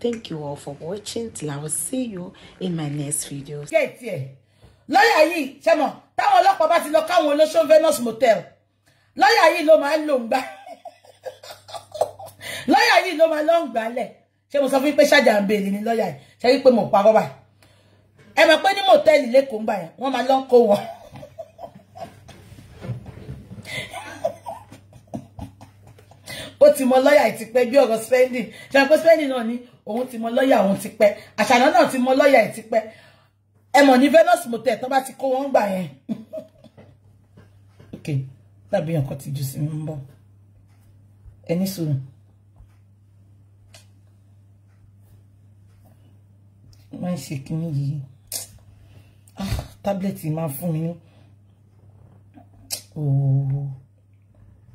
thank you all for watching till i will see you in my next video. lọ́yà yìí ṣẹ́mọ̀ táwọn ọlọ́pàá bá ti lọ káwọn olóṣó Venus motel lọ́yà yìí ló máa ń lò ń gbá lọ́yà yìí ló máa lọ ń gbálẹ̀ ṣé mo sọ fún pé ṣáàjà ń béèrè ní lawyer. yìí ṣe wípé mo pa rọ́bà ẹ mọ̀ pé ní mòtẹ́ẹ̀lì lẹ́kọ̀ọ́ ń gbà yẹn wọ́n máa lọ ń kó wọn. ó ti mọ lọ́yà ìtìpẹ́ bí ọ̀rọ̀ spending ṣe pé spending náà ni òun ti mọ lọ́yà òun ti pẹ́ àṣàná náà ti mọ lọ́yà ìtìpẹ́ ẹ mọ̀ ní Venus motel tán bá ti kó wọn gbà yẹn ok tàbí nǹkan ti jù sí mi ń bọ̀ ẹ ní sùúrù. wọ́n ń ṣe kínní yìí ah, mi ní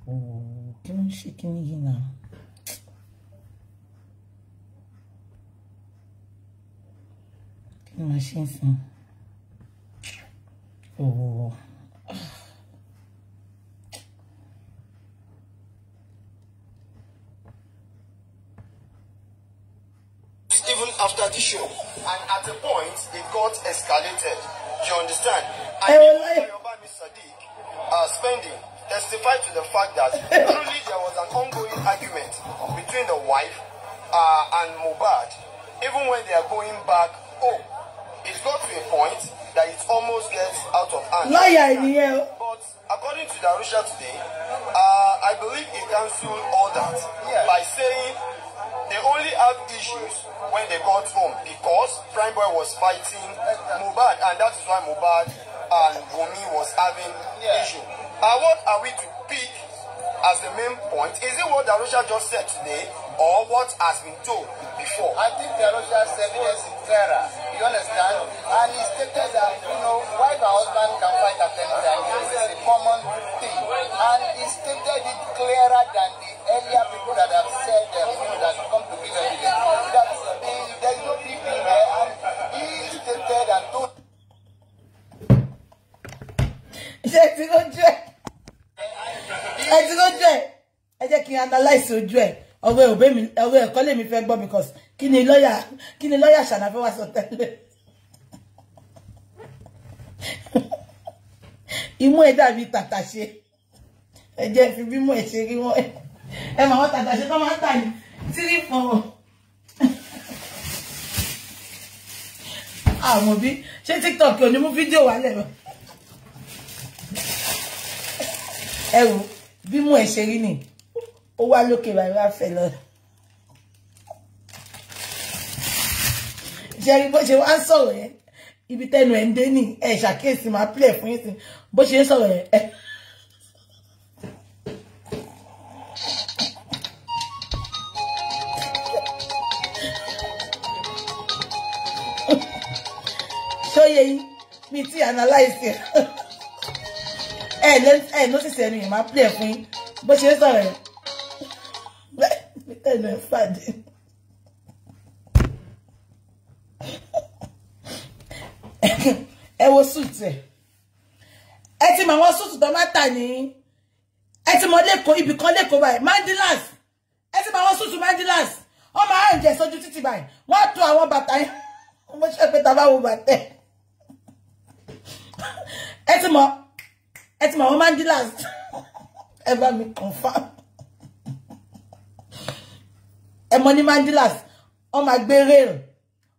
kí ló ń ṣe kí ni yìí náà. even after the show and at a point it got escalated you understand. I mean, Ayobami Sadiq uh, spending testified to the fact that truly there was an ongoing argument between the wife uh, and Mubad, even when they are going back home. It got to a point that it almost gets out of hand. Lawyer, yeah. But according to Darusha today, uh, I believe he cancelled all that yeah. by saying they only had issues when they got home because Prime Boy was fighting Mubad, and that is why Mubad and Wumi was having yeah. issues. And what are we to pick as the main point? Is it what Darusha just said today or what has been told before? I think Darusha said yes, clearer. You understand? And he stated that, you know, wife and husband can fight at any time. This is a common thing. And he stated it clearer than the earlier people that have said uh, people that come to give evidence. That the, there no people there. And he stated that. told. Jẹ́ ti ẹ ti lójú ẹ ẹ jẹ́ kí n analyze ojú ẹ ọwọ́ òbẹ́ mi ọwọ́ ẹ̀kọ́ lè mi fẹ́ gbọ́ because kí ni lọ́ọ̀yà kí ni lọ́ọ̀yà ṣànà fẹ́ wá sọ tẹ́lẹ̀ imú ẹ dàbí tàtàṣe ẹ jẹ́ fi bímọ ẹ ṣe rí wọn ẹ mà wọ́n tàtàṣe tó máa ń tà ní tírí fún ọ. àmọ́ bí ṣé tiktok ò ní mú fídíò wálẹ̀ lọ ẹ wò ó bí mú ẹ ṣe rí nì ó wá lókè báyìí wá fẹ́ lọ. ṣẹ́rí bó ṣe wá ń sọ̀rọ̀ yẹn ibi tẹnu ẹ̀ ń dé nì ẹ̀ ṣàkíyèsí máa pílẹ̀ fún yín sí bó ṣe ń sọ̀rọ̀ yẹn ṣóyè yín mi ti analyze ẹ lé ẹ lọ́sìsì ẹnu yìí máa play fún yín bó ṣe sọ̀rọ̀ yẹn ẹnu ẹ fàdé. ẹ wo suit ẹ ẹ ti mọ àwọn suit tó máa tà ní ẹ ti mọ lẹ́kọ̀ọ́ ibì kan lẹ́kọ̀ọ́ báyìí mandilas ẹ ti mọ àwọn suit mandilas wọ́n máa ń jẹ sójú títì báyìí wọ́n tó àwọn bàtà yẹn wọ́n ṣe pé tá wo bàtẹ́ ẹ ti mọ ẹ ti mọ̀ àwọn mandilas ẹ bá mi confam ẹ mọ̀ ní last. wọ́n máa gbé rail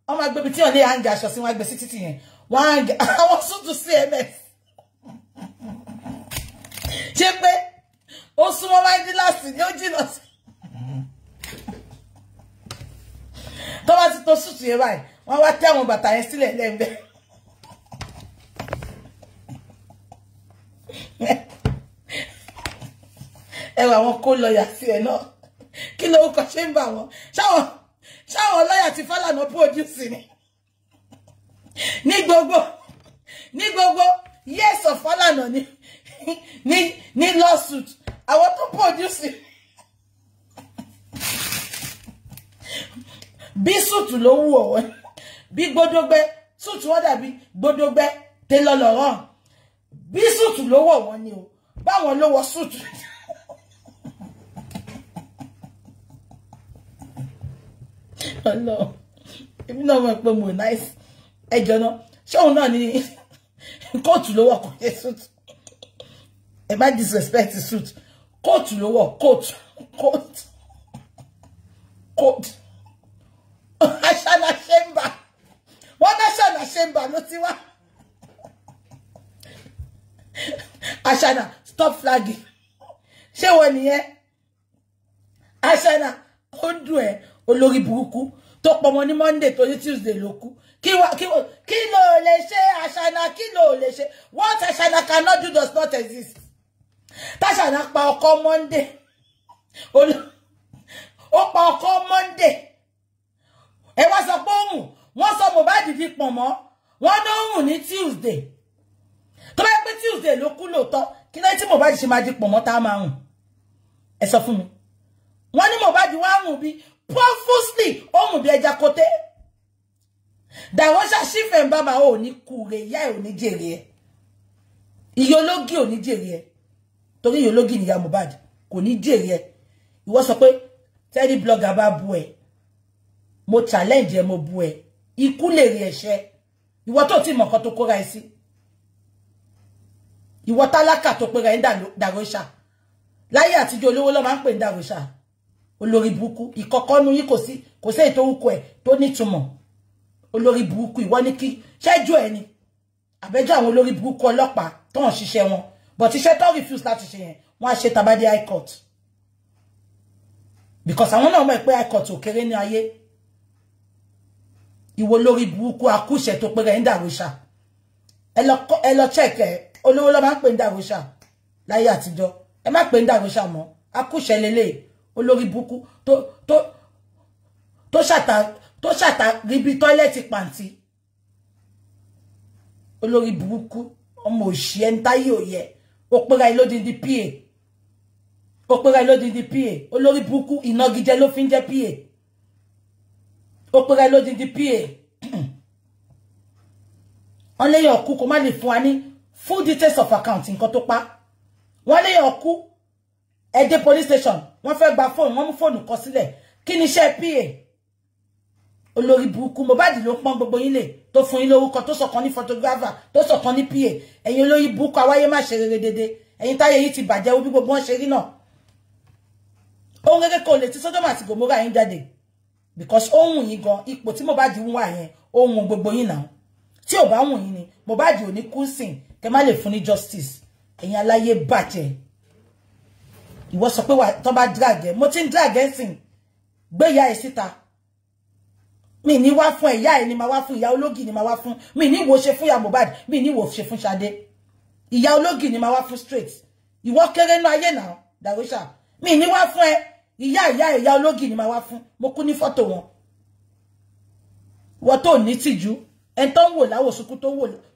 wọ́n máa gbé ibi tí wọ́n lè hang aṣọ sí wọ́n á gbé sí títì yẹn wọ́n á hang àwọn sútù cms ṣé pé ó súnmọ́ mandilas ni ó jìnnà sí. tó bá ti tó sútù yẹn báyìí wọ́n wá tẹ́ bàtà yẹn sílẹ̀ lẹ́gbẹ̀ẹ́. ẹ wà wọn kó lọ́ọ̀yà sí ẹ náà kí ló ń kọ ṣe ń bà wọn ṣáwọn ṣáwọn lọ́ọ̀yà ti Fálànà pòdùsì ni ní gbogbo ní gbogbo years of Fálànà ni ní ní lawsuit àwọn tó pòdùsì bí sùtù ló wù ọ̀wọ́ bí gbódógbé sùtù wọ́n dàbí gbódógbé tẹ́lọ́lọ́rọ̀ bí sùtù ló wọ̀ wọ́n ni o báwọn ló wọ sùtù. Ọlọ́run èmi náà mọ̀ pé mo nice ẹjọ́ náà ṣé òun náà ní kóòtù ló wọ̀ kò yẹ suit ẹ má disrespect suit kóòtù ló wọ̀ kóòtù kóòtù kóòtù aṣáná ṣẹ́mbà wọ́n náṣáná ṣẹ́mbà No ti wá aṣáná stop flagging ṣé wọ́n nìyẹn aṣáná ó dùn ẹ́ olórí burúkú tó pọmọ ní monday tó ní tuesday ló kú kí ló lè ṣe àṣànà kí ló lè ṣe what àṣànà cannot do does not exist tàṣànà pa ọkọ monday ó pa ọkọ monday ẹ wá sọ pé òun wọ́n sọ Mohbad fi pọ̀ mọ́ wọ́n ló hùn ní tuesday tó bá pé tuesday ló kú lóòótọ́ kí lóyún tí Mohbad ṣe máa di pọ̀ tá a hùn ẹ sọ fún mi wọ́n ní Mohbad wá hùn bí purposely ó mú bí ẹja kote dàwọ́ṣà sífẹ̀ ń bábà ó ní kú rẹ̀ ìyá ẹ̀ ò ní jèrè ẹ̀ ìyọlógì ò ní jèrè ẹ̀ torí ìyọlógì nìyá Mohbad kò ní jèrè ẹ̀ ìwọ sọ pé tẹ́rí blogger bá bu ẹ̀ mo challenge ẹ̀ mo bu ẹ̀ ikú lè rí ẹ̀ṣẹ̀ ìwọ tó ti mọ̀kọ́ tó kóra ẹ̀ sí ìwọ tálákà tó pera ẹ̀ ń dàrọ́ṣà láyé àtijọ́ olówó ló máa ń pè olórí burúkú ìkọ̀kọ́nú yín kò sí kò sí ètò orúkọ ẹ̀ tó nítumọ̀ olórí burúkú ìwọ ní kí ṣẹ́jú ẹ̀ ni àbẹ́jọ́ àwọn olórí burúkú ọlọ́pàá tó ń ṣiṣẹ́ but iṣẹ́ tó refuse láti ṣe yẹn wọ́n á ṣe tabadé high court because àwọn náà mọ̀ pé high court ò ni aye iwo olori buku burúkú akúṣẹ tó pé rẹ̀ ń dàrúṣà ẹ lọ check ẹ olowo ló máa ń pè ń dàrúṣà láyé àtijọ́ ẹ má pè ń dàrúṣà mọ́ akúṣẹ olórí buku tó tó tó ṣàtà tó ṣàtà ríbi tọ́lẹ́tì pàǹtí olórí buku ọmọ òṣì ẹni táyé òyẹ ó pera ìlódindi pa ó pera ìlódindi pa olórí buku ìnagijẹ ló fi ń jẹ pa ó pera ìlódindi pa wọn léyàn kú kó má lè full details of account nǹkan tó pa wọn léyàn ẹ dé police station wọ́n fẹ́ gba fóònù wọ́n mú fóònù kọ sílẹ̀ kí ni iṣẹ́ pa olórí burúkú Mohbad ló pọ́n gbogbo yín lè tó fún yín lórúkọ tó sọ̀kan ní photographer tó sọ̀kan ní pa ẹ̀yin olórí burúkú awáyé má ṣe rere dédé ẹ̀yin táyé yìí ti bàjẹ́ bí gbogbo wọn ṣe rí náà ohun gẹ́gẹ́ kò lè ti Sódómù àti Gòmórà yín jáde because ohun yìí gan ipò tí Mohbad ń wà yẹn ohun gbogbo yín náà tí ò bá wùn yín ni Mohbad ò ní kú sìn kẹ má lè fún ní justice ẹ̀yin aláyé bàjẹ́ I was pé tó bá drag ẹ mo ti ń drag ẹ sìn gbé ìyá ẹ síta mi ní wá fún ìyá ẹ ni máa ya fún ìyá ológì ni máa wá fún mi ní wo ṣe fún ìyá Mohbad mi ní wo ṣe fún Ṣadé ìyá ológì ni máa wá fún straight ìwọ kéré náà ayé náà dàwéṣà mi ní wá fún ẹ ìyá ìyá ìyá ológì ni máa wá fún mo kú ní fọ́tò wọn wọ́n tó ní tìjú ẹni tó ń wò láwòsùnkú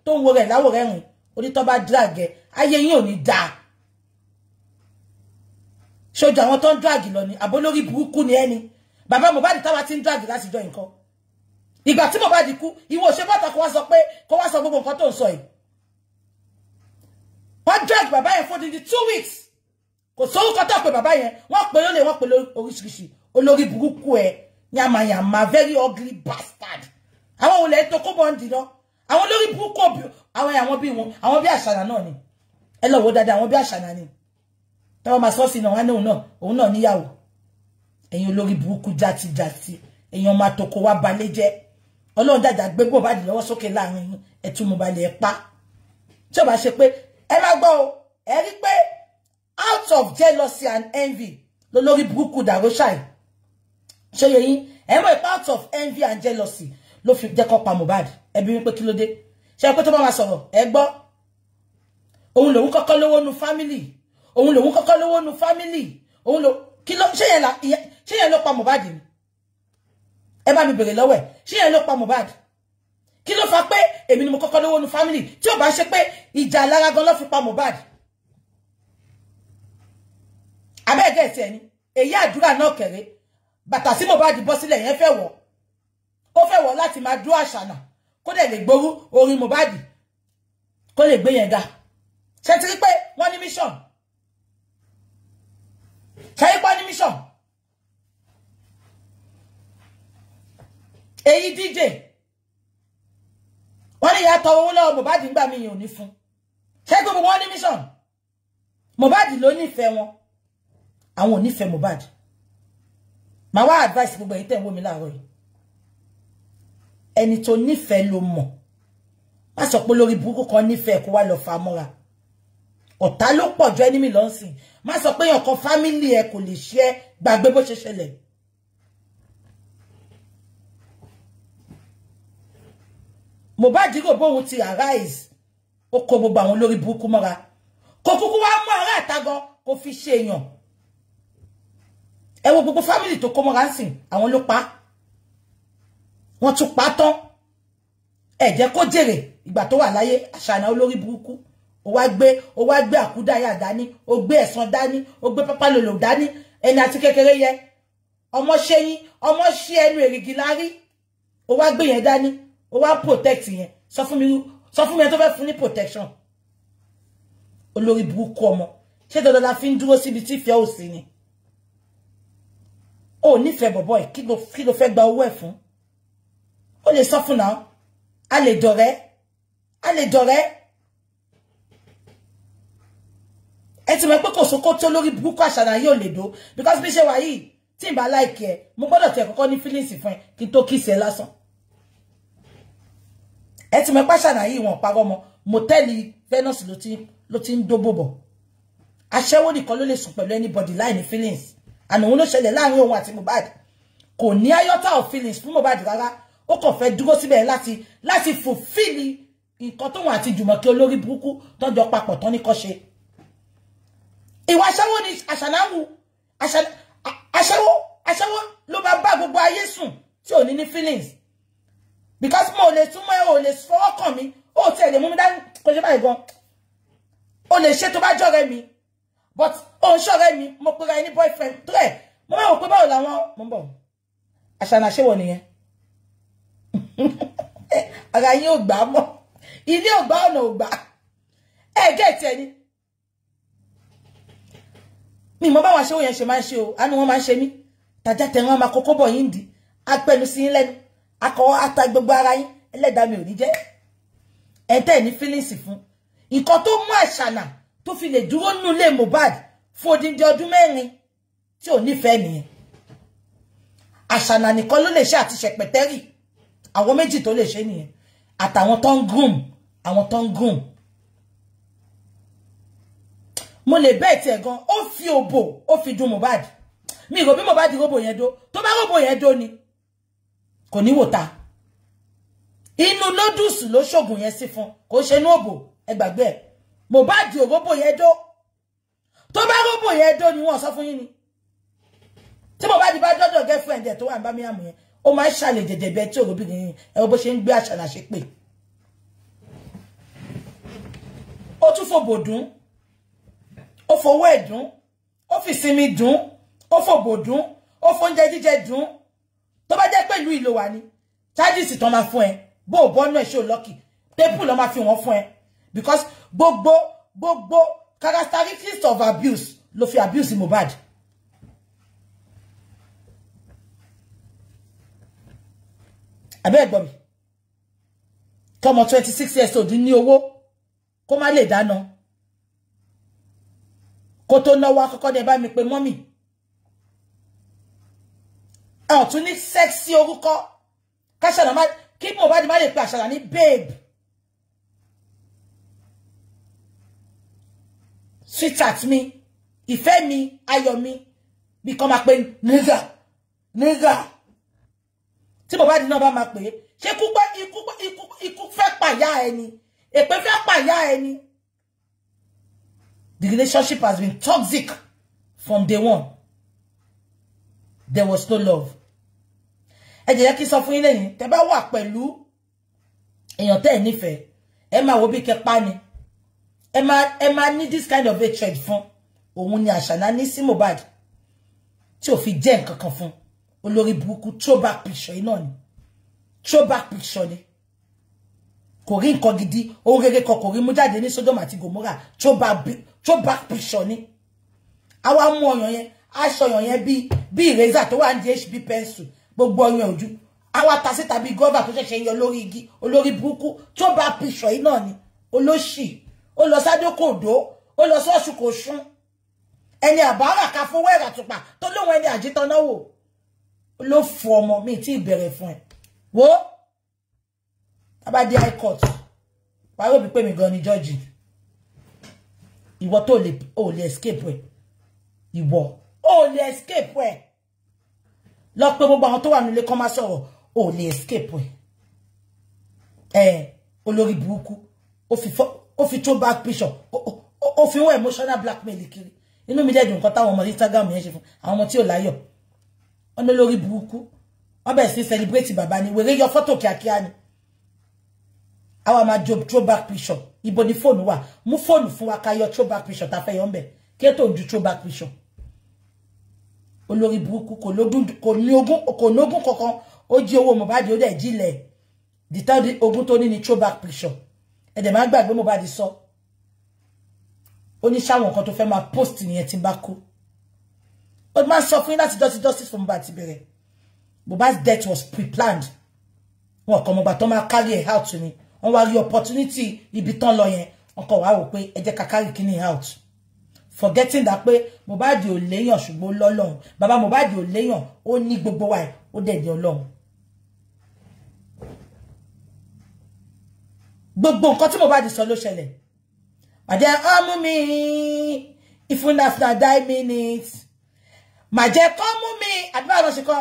tó ń wò rẹ̀ láwòrẹ́rùn onítọ́ bá drag ẹ ayé yín ò ní dáa ṣojú àwọn tó ń dragi lọ ni àbólórí burúkú ni ẹni bàbá Mohbad táwa ti ń dragi láti jọ nǹkan ìgbà tí Mohbad kú ìwọ ṣe bọ́tà kó wá sọ pé kó wá sọ gbogbo nǹkan tó ń sọ yìí wọ́n dragi bàbá yẹn for di two weeks kò sórúkọ tó pé bàbá yẹn wọ́n pè lólè wọ́n pè oríṣiríṣi olórí burúkú ẹ̀ yamayama very ugly bastard àwọn olè tó kó bọ́ǹdì lọ àwọn olórí burúkú àwọn àwọn bí wọn àwọn bí àṣàlà náà ni ẹ lọ wo dáadáa àwọn bí àṣàlà ni. táwọn máa sọ́ọ̀sì náà wá ní òun náà òun náà níyàwó ẹ̀yin olórí burúkú játijàti èèyàn máa toko wá balẹ̀ jẹ́ ọlọ́run dàjà gbégbó bá dìlọ́wọ́ sókè láàrin yín ẹ̀tún mo balẹ̀ ẹ̀ pa tí ó bá ṣe pé ẹ má gbọ́ o ẹ rí pé out of jealousy and envy lolórí burúkú dàróṣàì ṣe yẹ yín ẹ mọ̀ pé out of envy and jealousy ló fi jẹ́ kó pa Mohbad ẹbí wípé kí ló dé ṣe pé tó bá máa sọ̀rọ̀ ẹ gbọ́ òun lòun kọ́kọ́ lówó nu fámìlì òun lòun kọ́kọ́ lówó nu fámílì òun lò kí ló ṣé yẹn la ṣé yẹn ló pa Mohbad ni ẹ bá mi bèrè lọ́wọ́ ẹ̀ ṣé yẹn ló pa Mohbad kí ló fa pé èmi ni mo kọ́kọ́ lówó nu fámílì tí ò bá ṣe pé ìjà lára gan ló fi pa Mohbad abẹ́ẹ̀gẹ́ ẹ̀sẹ̀ ni èyí àdúrà náà kẹ̀rẹ́ bàtà sí Mohbad bọ́ sílẹ̀ yẹn fẹ́ wọ̀ ó fẹ́ wọ̀ láti máa dúró àṣànà kó dẹ̀ lè gbórú orin Mohbad kó lè gbé yẹn ga ṣe ti rí pé wọ́n ní mission ṣayípa ni mission èyí dj wọ́n ní ìyàtọ̀ owó lọ́wọ́ Mohbad ń gbà mí yàn ní fún ṣé gbogbo wọn ní mission Mohbad ló nífẹ̀ẹ́ wọn àwọn ò nífẹ̀ẹ́ Mohbad màá wá advice gbogbo èyí tẹ̀ ń wò mí láàárọ̀ yìí ẹni tó nífẹ̀ẹ́ ló mọ̀ má sọ pé lórí burúkú kan nífẹ̀ẹ́ kó wá lọ fa mọ́ra ọ̀tá ló pọ̀ ju enemy lọ sìn má sọ pé èèyàn kan fámìlì ẹ kò lè ṣe gbàgbé bó ṣe ṣẹlẹ̀. Mohbad rò bóun ti arise ó kó gbogbo àwọn olórí burúkú mọ́ra kò kúkú wá mú ará kò fi ṣe ẹ wo gbogbo tó kó mọ́ra ń àwọn ló pa wọ́n tún pa tán ẹ jẹ́ kó jèrè ìgbà tó wà láyé àṣàna olórí ó wá gbé ó wá gbé àkúdáyà dání ó gbé ẹ̀sán dání ó gbé pápálòlò dání ẹni àti kékeré yẹ ọmọ ṣe ọmọ ṣe ẹnu èrìgì lárí ó wá gbé yẹn dání ó wá protect yẹn sọ fún mi sọ fún mi tó fẹ́ fún ní protection olórí burúkú ọmọ ṣé dandan la fi ń dúró síbi tí ìfẹ́ ò sí ni o nífẹ̀ẹ́ bọ̀bọ̀ ẹ̀ kí ló fẹ́ gba owó ẹ̀ fún ó lè sọ fún náà a lè dọ̀rẹ́ a lè dọ̀rẹ́ ẹ ti mọ̀ pé kò sókó tó lórí burúkú àṣàlàyé ò lè dó because bí ṣe wà yìí tí n bá láìkí ẹ mo gbọ́dọ̀ tẹ kọ́kọ́ ní feelings fún kí n tó kí ìṣẹ́ lásán ẹ ti mọ̀ pé àṣàlàyé ìwọ̀n parọ́ ló ti ló ti ń nìkan ló lè sùn pẹ̀lú anybody láì ní feelings fun e ki to ki òun ló ṣẹlẹ̀ láàrin òun àti kò ní ayọ́tà of feelings fún Mohbad rárá ó kàn fẹ́ dúró síbẹ̀ láti láti fulfill nǹkan tóun àti Jùmọ̀kẹ́ olórí burúkú tọ́jọ́ papọ̀ tán ní kọ́ ṣe I aṣẹ́wó ni àṣànáwó I aṣẹ́wó ló bá bá gbogbo ayé sùn tí ò ní ní feelings because mo ò lè túmọ̀ ẹ ò lè fọwọ́ kàn mí ó ti ẹ̀ lè mú mi dání kò ṣe báyìí gan o lè ṣe tó bá jọ̀rẹ́ mi but ó ń ṣọ̀rẹ́ mi mo pera any boyfriend tó rẹ̀ mo máa wò pé báwo làwọn mo ń bọ̀ àṣànà ṣéwọ̀ nìyẹn ara yín ò gbà mọ́ ilé ò gbà ọ̀nà ò gbà ẹ̀ mi mọ báwọn aṣẹ́wó yẹn ṣe máa ń ṣe o àánú wọn máa ń ṣe mí tàjà tẹ̀wọ́n máa kókó bọ̀ yín dì apẹnu sí yín lẹ́nu akọ ata gbogbo ara yín ẹlẹ́dàá mi ò ní jẹ́ ẹ̀tẹ́ ní fílíǹsì fún nǹkan tó mú àṣànà tó fi lè dúró nínú ilé Mohbad fún odindi ọdún mẹ́rin tí ò nífẹ̀ẹ́ nìyẹn àṣànà nìkan ló lè ṣe àti ṣẹpẹtẹ́rì àwọn méjì tó lè ṣe nìyẹn àtàwọn tó ń groom àwọn tó groom mo lè bẹ́ẹ̀ tiẹ̀ gan ó fi òbò ó fi dun Mohbad mi rò bí Mohbad róbò yẹn dó tó bá róbò yẹn dó ni kò ní wò ta inú nódùsù ló ṣògùn yẹn sí fún kò ṣe inú òbò ẹ gbàgbé ẹ Mohbad ò róbò yẹn dó tó bá róbò yẹn ni wọ́n sọ fún yín ni tí Mohbad bá dọ́dọ̀ girlfriend ẹ̀ tó wà ń bá mi àmù yẹn ó máa ń ṣàlè jẹ̀jẹ̀ bẹ́ẹ̀ tí òròbìnrin yìí ẹ bó ṣe ń gbé àṣà làṣẹ pè ó tún fòbò dùn ó fowó ẹ̀ dùn ó fi sinmi dùn ó fòbò dùn ó fóúnjẹ jíjẹ dùn tó bá jẹ́ pẹ̀lú ìlò wà ní charges tán máa fún ẹ bó o bọ́nú ẹ̀ ṣó lọ́kì tépù lọ́ máa fi wọ́n fún ẹ because gbogbo gbogbo characteristics of abuse ló fi abuse Mohbad. abẹ́ ẹ̀gbọ́n mi tọmọ twenty six years old ní owó kó má lè dáná kó tó náwó àkọ́kọ́ dẹ̀ bá mi pé mọ́mì ẹ ò tún ní sẹ́ksì orúkọ káṣàlà má kí Mohbad má lè pe momi eo tun ni seksi oruko na ma ní babe at me. ìfẹ́ mi ayọ̀ mi bí kọ́ máa pe nígà nígà tí Mohbad náà bá máa pè é ṣé ikú fẹ́ pàyà ẹni èpè fẹ́ pàyà ẹni. The relationship has been toxic from day one. There was no love. Ẹ jẹ́ kí sọ fún yín lẹ́yìn tẹ́ bá wà pẹ̀lú èèyàn tẹ́ nífẹ̀ẹ́ ẹ máa wo bí kẹ́ pa ni. Ẹ máa ẹ máa ní this kind of hatred fún òun ni Àṣàná ní sí Mohbad tí ò fi jẹ́ nǹkan kan fún olórí burúkú throwback picture yìí náà ni throwback picture ni kò rí nǹkan gidi ohun rere kan kò rí mú jáde ní Sodom àti Gomorrah throwback back picture ni àwa mú ọyàn yẹn aṣọ ọyàn yẹn bíi bíi razor tó wà ní hb pencil gbogbo ọyàn ojú àwa ta síta tó ṣẹ̀ṣẹ̀ yọ lórí igi olórí buku, throwback picture yìí ni olóṣì ó lọ sádókòdó ó lọ sọ́ọ̀ṣù kò sún ẹni àbára ká fowó ẹ̀rà tùpà tó lóun ẹni àjítọ́nà wò ló fọ ọmọ mi tí ìbẹ̀rẹ̀ fún ẹ wo tá ti ibere fun wo about the high court wàá rò bí pé mi gan want tó lè oh, lè escape ẹ want, oh, lè escape ẹ lọ pé gbogbo àwọn tó wà nílé kọ́ máa sọ̀rọ̀ ò lè escape ẹ ẹ olórí burúkú ó fi tó back picture ó fi wọ́n emotional blackmail kiri inú mi dẹ́dùn nǹkan táwọn ọmọ Instagram yẹn ṣe fún àwọn ọmọ tí ò láyọ̀ ọ̀nà olórí burúkú wọ́n bẹ̀rẹ̀ sí celebrate bàbá ni your photo? fọ́tò kíákíá ni àwa máa job throwback picture ibo ni fóònù wà mú fóònù fún wa ká yọ throwback picture tá fẹ́ yọ ń bẹ̀ kí ẹ tó ju throwback picture olórí burúkú kò lógún kò ní ogún kò lógún kankan ó jí owó Mohbad ó dẹ̀ jílẹ̀ dìtọ́ ogún tó ní ni throwback picture ẹ̀dẹ̀ máa gbàgbé Mohbad sọ ó ní sáwọn kan tó fẹ́ máa post nìyẹn tí bá kú ó máa ń sọ fún yín láti justice justice fún Mohbad ti bẹ̀rẹ̀ Mohbad's death was pre-planned wọn kàn Mohbad tó máa carry it out ni. On wá rí opportunity ibi tán lọ yẹn On kọ̀ wá wò pé ẹ jẹ́ ká carry out forgetting that pé Mohbad ò léèyàn ṣùgbọ́n lọ́lọ́run bàbá Mohbad ò léèyàn ó ní gbogbo wa ó dẹ̀ ní ọlọ́run. gbogbo nǹkan tí Mohbad sọ ló ṣẹlẹ̀ àjẹ́ ọmú mi even after 10 minutes màjẹ́ kọ́ mú mi àdúrà lọ́sẹ̀kọ́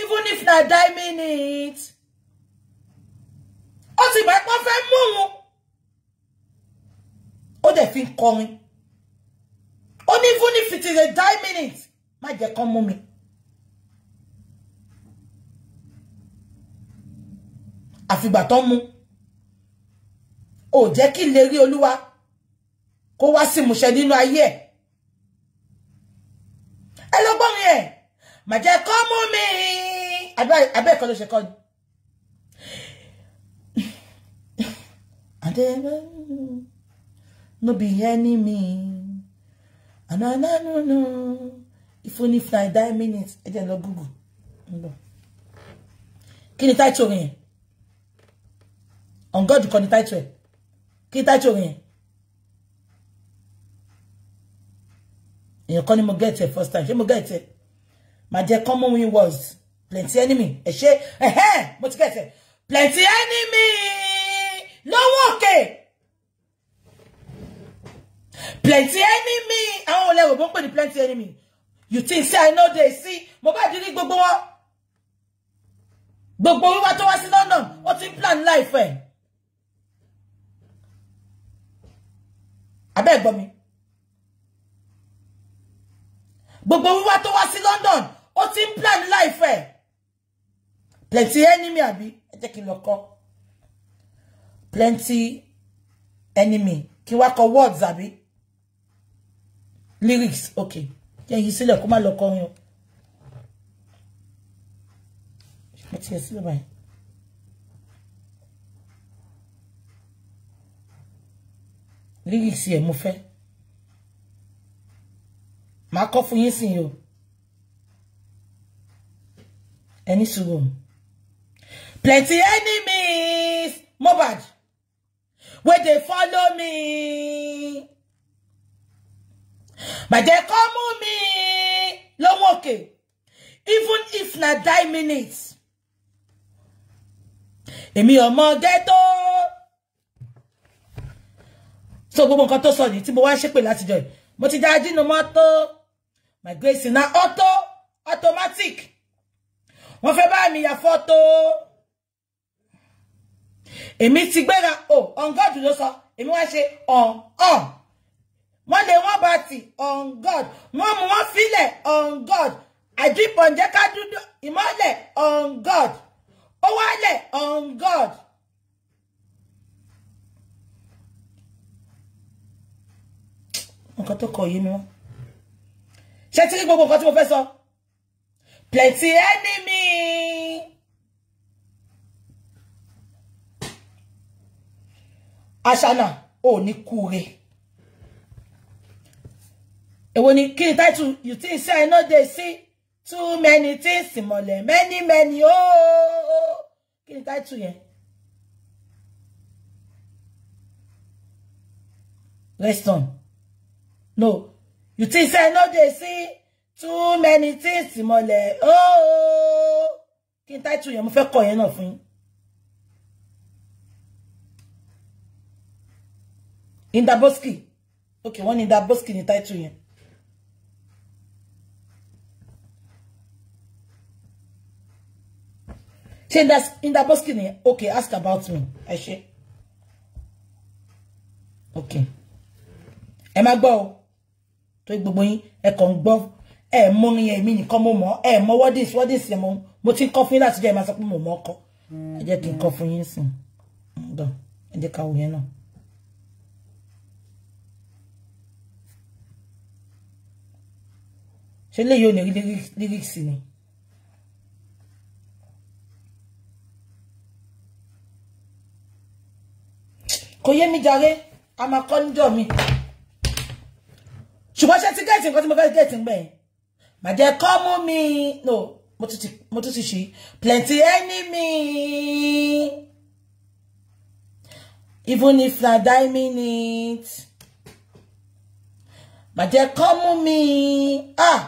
even if na 10 minutes. ó ti bá pọ́n fẹ́ mú òun ó dẹ̀ fin ń ó ní even if it is a die minute má jẹ́ kán mú mi. àfìgbà tán mú ò jẹ́ kí lè rí olúwa kó wá sí ìmúṣẹ nínú ayé ẹ̀ ẹ lọ gbọ́n yẹn mà jẹ́ kán mú mi abẹ́ ẹ̀kọ́ ló ṣe kọ́ no be enemy. And I no no no. If only if I die minutes, I then no Google. No. Can you touch me? On God you can title ẹ̀. Kí ni title yẹn? Èèyàn kan ni mo get it first time. Ṣé mo get it. Màá jẹ́ common win words. Plenty enemy. Ẹ Eh ẹ̀hẹ́ mo ti get it? Plenty enemy. No òkè plenty enemy àwọn olè òbó to ní plenty enemy you think say I know they see Mohbad ní gbogbo go gbogbo wíwá tó wá sí London ó ti ń plan life ẹ̀ abẹ́ ẹ̀gbọ́n but gbogbo wíwá tó wá in London ó ti ń plan life ẹ̀ plenty enemy àbí ẹ jẹ́ kí n plenty enemy kí wá kọ words abi. lyrics okay jẹ́ yìí sílẹ̀ kó má lọ kọrin o mo tiẹ̀ sílẹ̀ báyìí. lyrics yẹn mo fẹ́ màá kọ fún yín sìn yìí o ẹni plenty enemies Mohbad. where they follow me. But they come me long walking, Even if na die minutes. Èmi ọmọ ghetto. So gbogbo nǹkan tó sọ tí mo wá ṣépè láti joy. Mo ti da dinu mọ́tò. My grace is na auto automatic. Wọ́n fẹ́ bá mi ya photo èmi ti gbéra o on God ló sọ èmi wá ṣe on on wọ́n lè wọ́n bá tì on God wọ́n mú wọ́n filẹ̀ on God àdìpọ̀njẹ́ ká dúdú ìmọ́lẹ̀ on God ó le on God. nǹkan tó kọ yìí ni wọ́n ṣé tí gbogbo nǹkan tí mo fẹ́ sọ plenty enemy. aṣáná ò ní kúre èwo ni kí title you think say I know they see too many things ìmọ̀lẹ̀ many many oh, oh, oh, kí ni title yẹn rest no you think say I know they see too many things ìmọ̀lẹ̀ oh, oh, kí title yẹn mo fẹ́ kọ yẹn náà fún yín. In Indaboski okay One in wọ́n ní Indaboski ní táìtù that's in Indaboski ní okay ask about me I ṣe okay ẹ má gbọ́ o tó gbogbo yín ẹ kàn ń gbọ́ ẹ mọ ní èmi nìkan mo mọ̀ ẹ mọ wọ́dìsì wọ́dìsì ẹ mọ mo ti ń kọ́ fún yín láti jẹ́ ẹ máa sọ pé mo mọ̀ ọkọ ẹ jẹ́ kí n kọ́ fún yín sìn ẹ jẹ́ ká wò yẹn ṣé léyìí ò ní rí lyrics ni. kò yé mi jàre a máa kọ́ níjọ́ mi ṣùgbọ́n ṣe ti gẹ̀ẹ́tì nǹkan tí mo fẹ́ gẹ̀ẹ́tì ń gbẹ̀yìn màjẹ́ kọ́ mú mi no mo tún ti ṣí plenty enemy even if na die minute màjẹ́ kọ́ mú mi ah.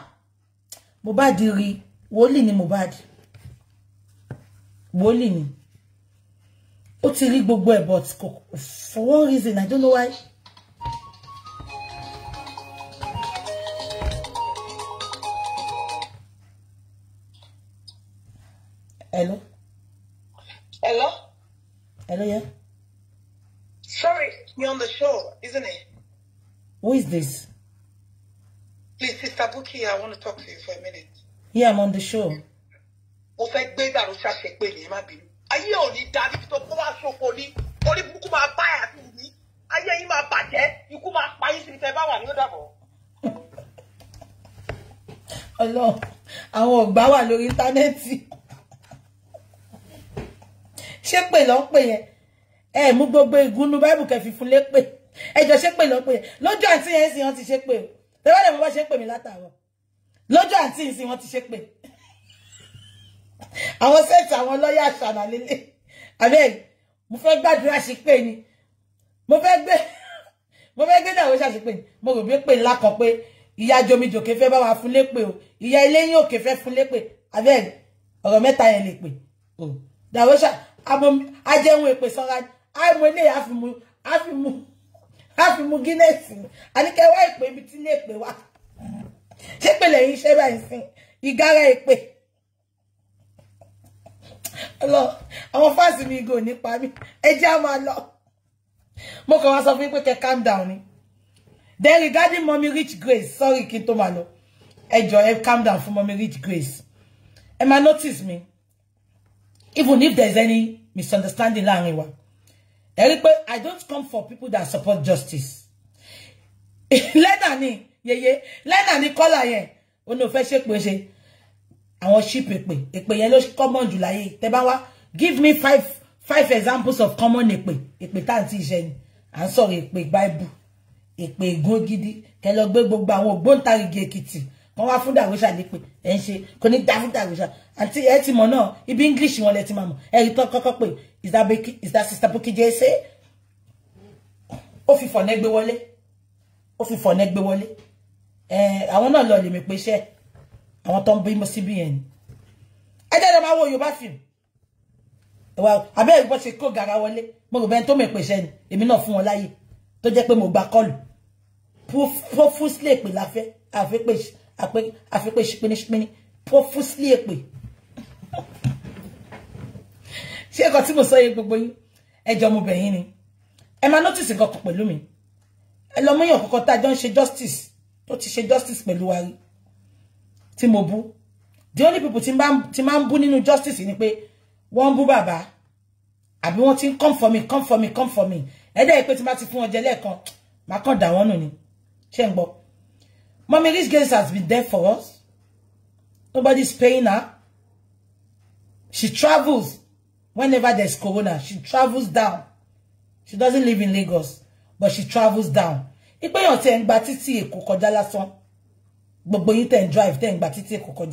Mohbad rí wòlíì ni Mohbad wòlíì ni ó ti rí gbogbo ẹ̀ but for one reason I don't know why. Hello. Hello. Hello, yeah. Sorry, you're on the show, isn't it? Who is this? Please, Sister Buki, I want to talk to you for a minute. Yeah, I'm on the show. Mo fẹ́ gbé dàrú ṣàṣẹ pé ní ẹ má bínú. Ayé ò ní darí tó kó wá ṣòfò ní. Orí burúkú máa bá ẹ̀ àti ìlú. Ayé yín máa bàjẹ́. Ikú máa pa yín síbi tẹ́ bá wà ní ó dàbọ̀. Ọlọ́run, àwọn ọ̀gbá wà lórí íńtánẹ́ẹ̀tì. Ṣé pè lọ́ pè yẹn? Ẹ mú gbogbo ìgúnnu Báìbù kẹfì fún lépè. Ẹ jọ ṣé pè lọ́ pè yẹn? Lójú àti ẹ̀sìn wọn ti ṣé pè o tẹ́wọ́n lè mú wọ́n ṣe pè mí látàárọ̀ lójú àǹtí ìsìn wọn ti ṣe pè àwọn sẹ́ẹ̀tì àwọn lọ́ọ̀yà àṣàlà lélẹ̀ abeg mo fẹ́ gbàdúrà sí pé ni mo fẹ́ gbé mo fẹ́ gbé dàwọ́ ṣàṣepè ni mo rò bí pè ńlá kan pé ìyá jomijòkè fẹ́ bá wa fún lépè o ìyá eléyìn òkè fẹ́ fún lépè abeg ọ̀rọ̀ mẹ́ta yẹn lè pè o dàwọ́ ṣà àjẹun èpè sanra àìmọ̀ ilé àfimú àfimú. a fi mu guinness mi àníkẹ́ wá ìpè ibi tí ilé ìpè wá ṣé pèlè yìí ṣẹ́ báyìí sìn ìgárá ìpè lọ àwọn fáàsì mi ìgò nípa mi ẹjẹ́ á máa my love. kàn wá sọ fún yín pé kẹ́ calm down then regarding mommy rich grace sorry kí n tó calm down for mommy rich grace ẹ máa notice me? even if there's any misunderstanding láàrin wa. But I don't come for people that support justice. Let ni yeye lẹ́nà Let kọ́là yẹn call o fẹ́ ṣépè ṣe àwọn ṣíp èpè èpè yẹn ló common jù láyé tẹ́ bá wá give me five five examples of common èpè èpè tá à ń tí ì ṣe ni à ń sọ̀rọ̀ èpè Bible èpè ègún gidi kẹ lọ gbé gbogbo àwọn ògbóǹtarìgì Èkìtì wọn wá fún dàwéṣà nípè ẹ ń ṣe kò ní dá fún dàwéṣà àti ẹ ti i am sorry, an soro epe bible epe egun gidi be lo gbe gbogbo awon ogbontarigi ekiti náà ibi English wọn lẹ ti máa mọ̀ ẹ rí tọ́ kọ́kọ́ pé is that Becky? Is that Sister Buki JSA? Ó for neck gbé wọlé. Ó fi fọ̀nẹ́ gbé wọlé. Eh, àwọn náà ló lè mi pé I want tó ń my mo CBN. Ẹ jẹ́ lọ máa wo Yorùbá film. Ẹ wá abẹ́ bó ṣe kó gàrà wọlé. Mo rò bẹ́ẹ̀ tó mi pé iṣẹ́ ni. Èmi náà fún wọn láyè. Tó jẹ́ pé mo gba kọ́ọ̀lù. Profusely èpè la fẹ́. Àfi pé àfi pé ṣípínníṣípínní. Profusely èpè ṣé nǹkan tí mo sọ yìí gbogbo yín ẹjọ́ ọmọbìnrin ni ẹ máa notice got ti ṣe justice pẹ̀lú wa rí tí mo so yii gbogbo yin ejo omobinrin ni e maa notice nnkan kan pelu mi e lo moyan kankan ta jo se justice to ti se justice pelu wa ti mo bu the only people tí máa ń bú nínú justice ni pé wọ́n ń bú bàbá àbí wọ́n ti come for me come for me come for me ẹ̀dá yìí pé tí máa ti fún ọjẹ́ lẹ́ẹ̀kan máa kàn dà wọ́n nù ni ṣé ń mommy rich girls has been there for us nobody's paying her she travels whenever there's corona, she travels down. She doesn't live in Lagos, but she travels down. Ipe yon ten gba títí Èkó kọjá lásán. Gbogbo yín ten drive ten gba títí Èkó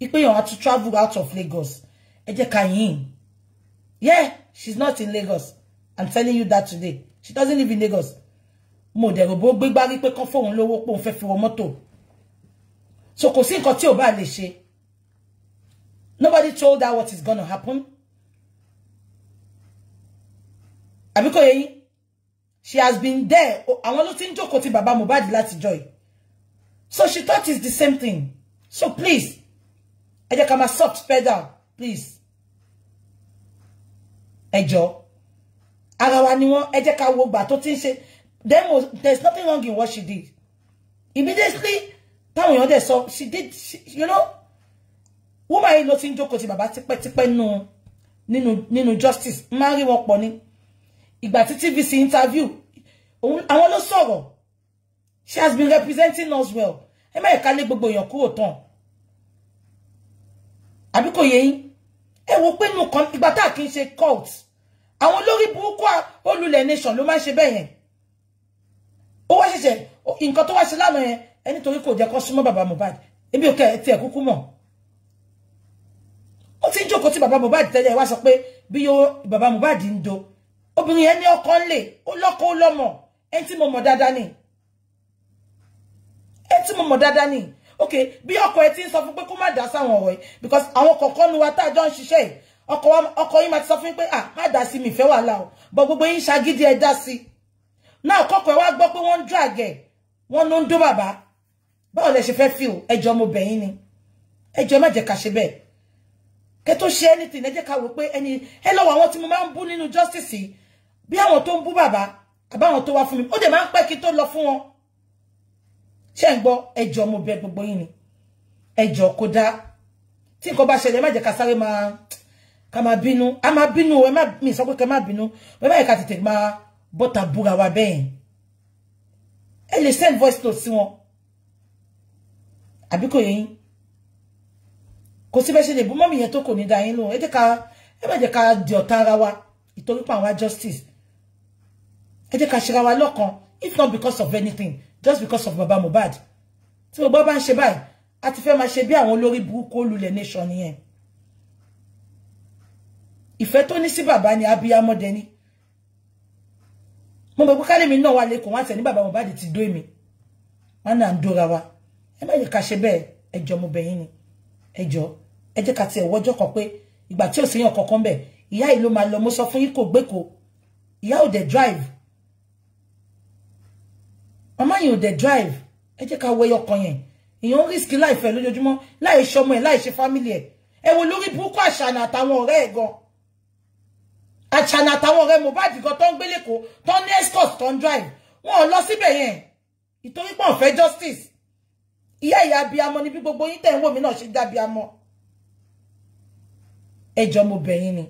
Ipe yon to travel out of Lagos. Eje jẹ́ Yeah, she's not in Lagos. I'm telling you that today. She doesn't live in Lagos. Mo dẹ̀ rò bó gbé gbárí pé kán fóun lówó pé fẹ́ fi wọ So kò sí nǹkan ò bá lè ṣe. Nobody told her what is gonna happen. àbí yín she has been there àwọn ló ti ń jókòó ti bàbá Mohbad láti joy so she thought it's the same thing so please ẹ jẹ́ ká máa soft pedal please ẹ jọ̀ọ́ ara wa ni wọ́n ẹ jẹ́ ká wo gbà tó ti ń ṣe then there's nothing wrong in what she did immediately táwọn èèyàn dẹ̀ sọ she did she, you know woman yìí ló ti ń jókòó ti bàbá tipẹ́tipẹ́ nínú nínú nínú justice máa rí wọn pọ̀ ni ìgbà tí TVC interview àwọn ló sọ̀rọ̀ she has been representing us well ẹ má ẹ̀ka lé gbogbo èèyàn kúrò tán àbí kò yé yín ẹ wo pé nù kan ìgbà tá à ṣe cult àwọn olórí burúkú olùlẹ̀ nation ló máa ń ṣe bẹ́ẹ̀ yẹn ó wá se nǹkan tó wá ṣe lánàá yẹn ẹni torí kò jẹ́ kó bàbá Mohbad ebi ò kẹ́ ẹ tiẹ̀ kúkú mọ̀ ó ti ń tí bàbá Mohbad tẹ́lẹ̀ wá sọ pé bí yóò bàbá Mohbad ń obìnrin yẹn ní ọkọ ńlé ó lọ́kọ ó lọ́mọ ẹni tí mo mọ̀ dáadáa ni ẹni tí mo mọ̀ dáadáa ni ok bí ọkọ ẹ ti ń sọ fún pé kó má dá sáwọn ọ̀rọ̀ yìí because àwọn kọ̀ọ̀kan nu wa tá a jọ ń ṣiṣẹ́ yìí ọkọ ọkọ yín máa ti sọ fún pé ah má dá sí mi ìfẹ́ wàhálà o bọ gbogbo yín ṣagídí ẹ dá sí náà kọ́kọ́ ẹ wá gbọ́ pé wọ́n ń dún àgẹ̀ wọ́n ló ń dún bàbá báwo lẹ ṣe fẹ́ fi o ẹjọ́ mo bẹ̀yìn ni ẹjọ́ má jẹ́ ká bẹ́ẹ̀ ẹ tó ṣe anything ẹ jẹ́ ká wò pé ẹni ẹ lọ́wọ́ àwọn tí mo máa ń bú justice yìí bí àwọn tó ń bú bàbá àbáwọn tó wá fún mi ó dẹ̀ máa ń pẹ́ kí tó lọ fún wọn ṣé ń gbọ́ ẹjọ́ mo bẹ gbogbo yín ni ẹjọ́ kò dáa tí nǹkan bá ṣẹlẹ̀ ẹ má jẹ́ ká sáré máa ká máa bínú a máa bínú ẹ má mi sọ pé ká má bínú ẹ má yẹ ká tètè máa bọ́ta búra wa bẹ́ẹ̀ ẹ lè send voice note sí wọn àbí kò yẹ kò sí bẹ́ẹ̀ ṣe lè bú mọ́mì yẹn tó kò ní da yín lóhùn ẹ jẹ́ ká ẹ má jẹ́ ká di ọ̀tá ara wa ìtorí pa àwa justice ẹ jẹ́ ká ṣera wa lọ́kan if not because of anything just because of baba Mohbad tí gbogbo bá ń ṣe báyìí a ti fẹ́ máa ṣe bí àwọn olórí burúkú olùlẹ̀ nation nìyẹn ìfẹ́ tó ní sí bàbá ni abiyamọ dẹni mo mọ̀ pé kálẹ̀mí náà wà lẹ́kọ̀ọ́ wọn àtẹ̀ ní bàbá Mohbad ti dó èmi wọn náà ń dóra wa ẹ má yẹ ká ṣe bẹ́ẹ̀ ẹjọ́ mo bẹ̀yìn ni ẹjọ́ ẹ jẹ́ ká tiẹ̀ wọ́jọ́ kan pé ìgbà tí ò séyàn kankan bẹ̀ ìyá yìí ló máa lọ mo sọ fún yín kò gbéko ìyá ò dẹ̀ drive màmá yìí ò dẹ̀ drive ẹ jẹ́ ká wọ ẹyọ kan yẹn èèyàn ń risk life ẹ̀ lójoojúmọ́ láì ṣọmọ ẹ̀ láì ṣe family ẹ̀ ẹ wo lórí burúkú àṣànà àtàwọn ọ̀rẹ́ ẹ̀ gan àṣànà àtàwọn ọ̀rẹ́ Mohbad gan tó ń gbélé kó tó ń ní escort tó ń drive wọn ò lọ síbẹ̀ yẹn ìtorí pọ̀ fẹ́ justice ìyá ìyá abiyamọ ni bí gbogbo yín tẹ̀ ń wò mí náà ṣe dábìamọ ẹjọ́ mo bẹ̀ yín ni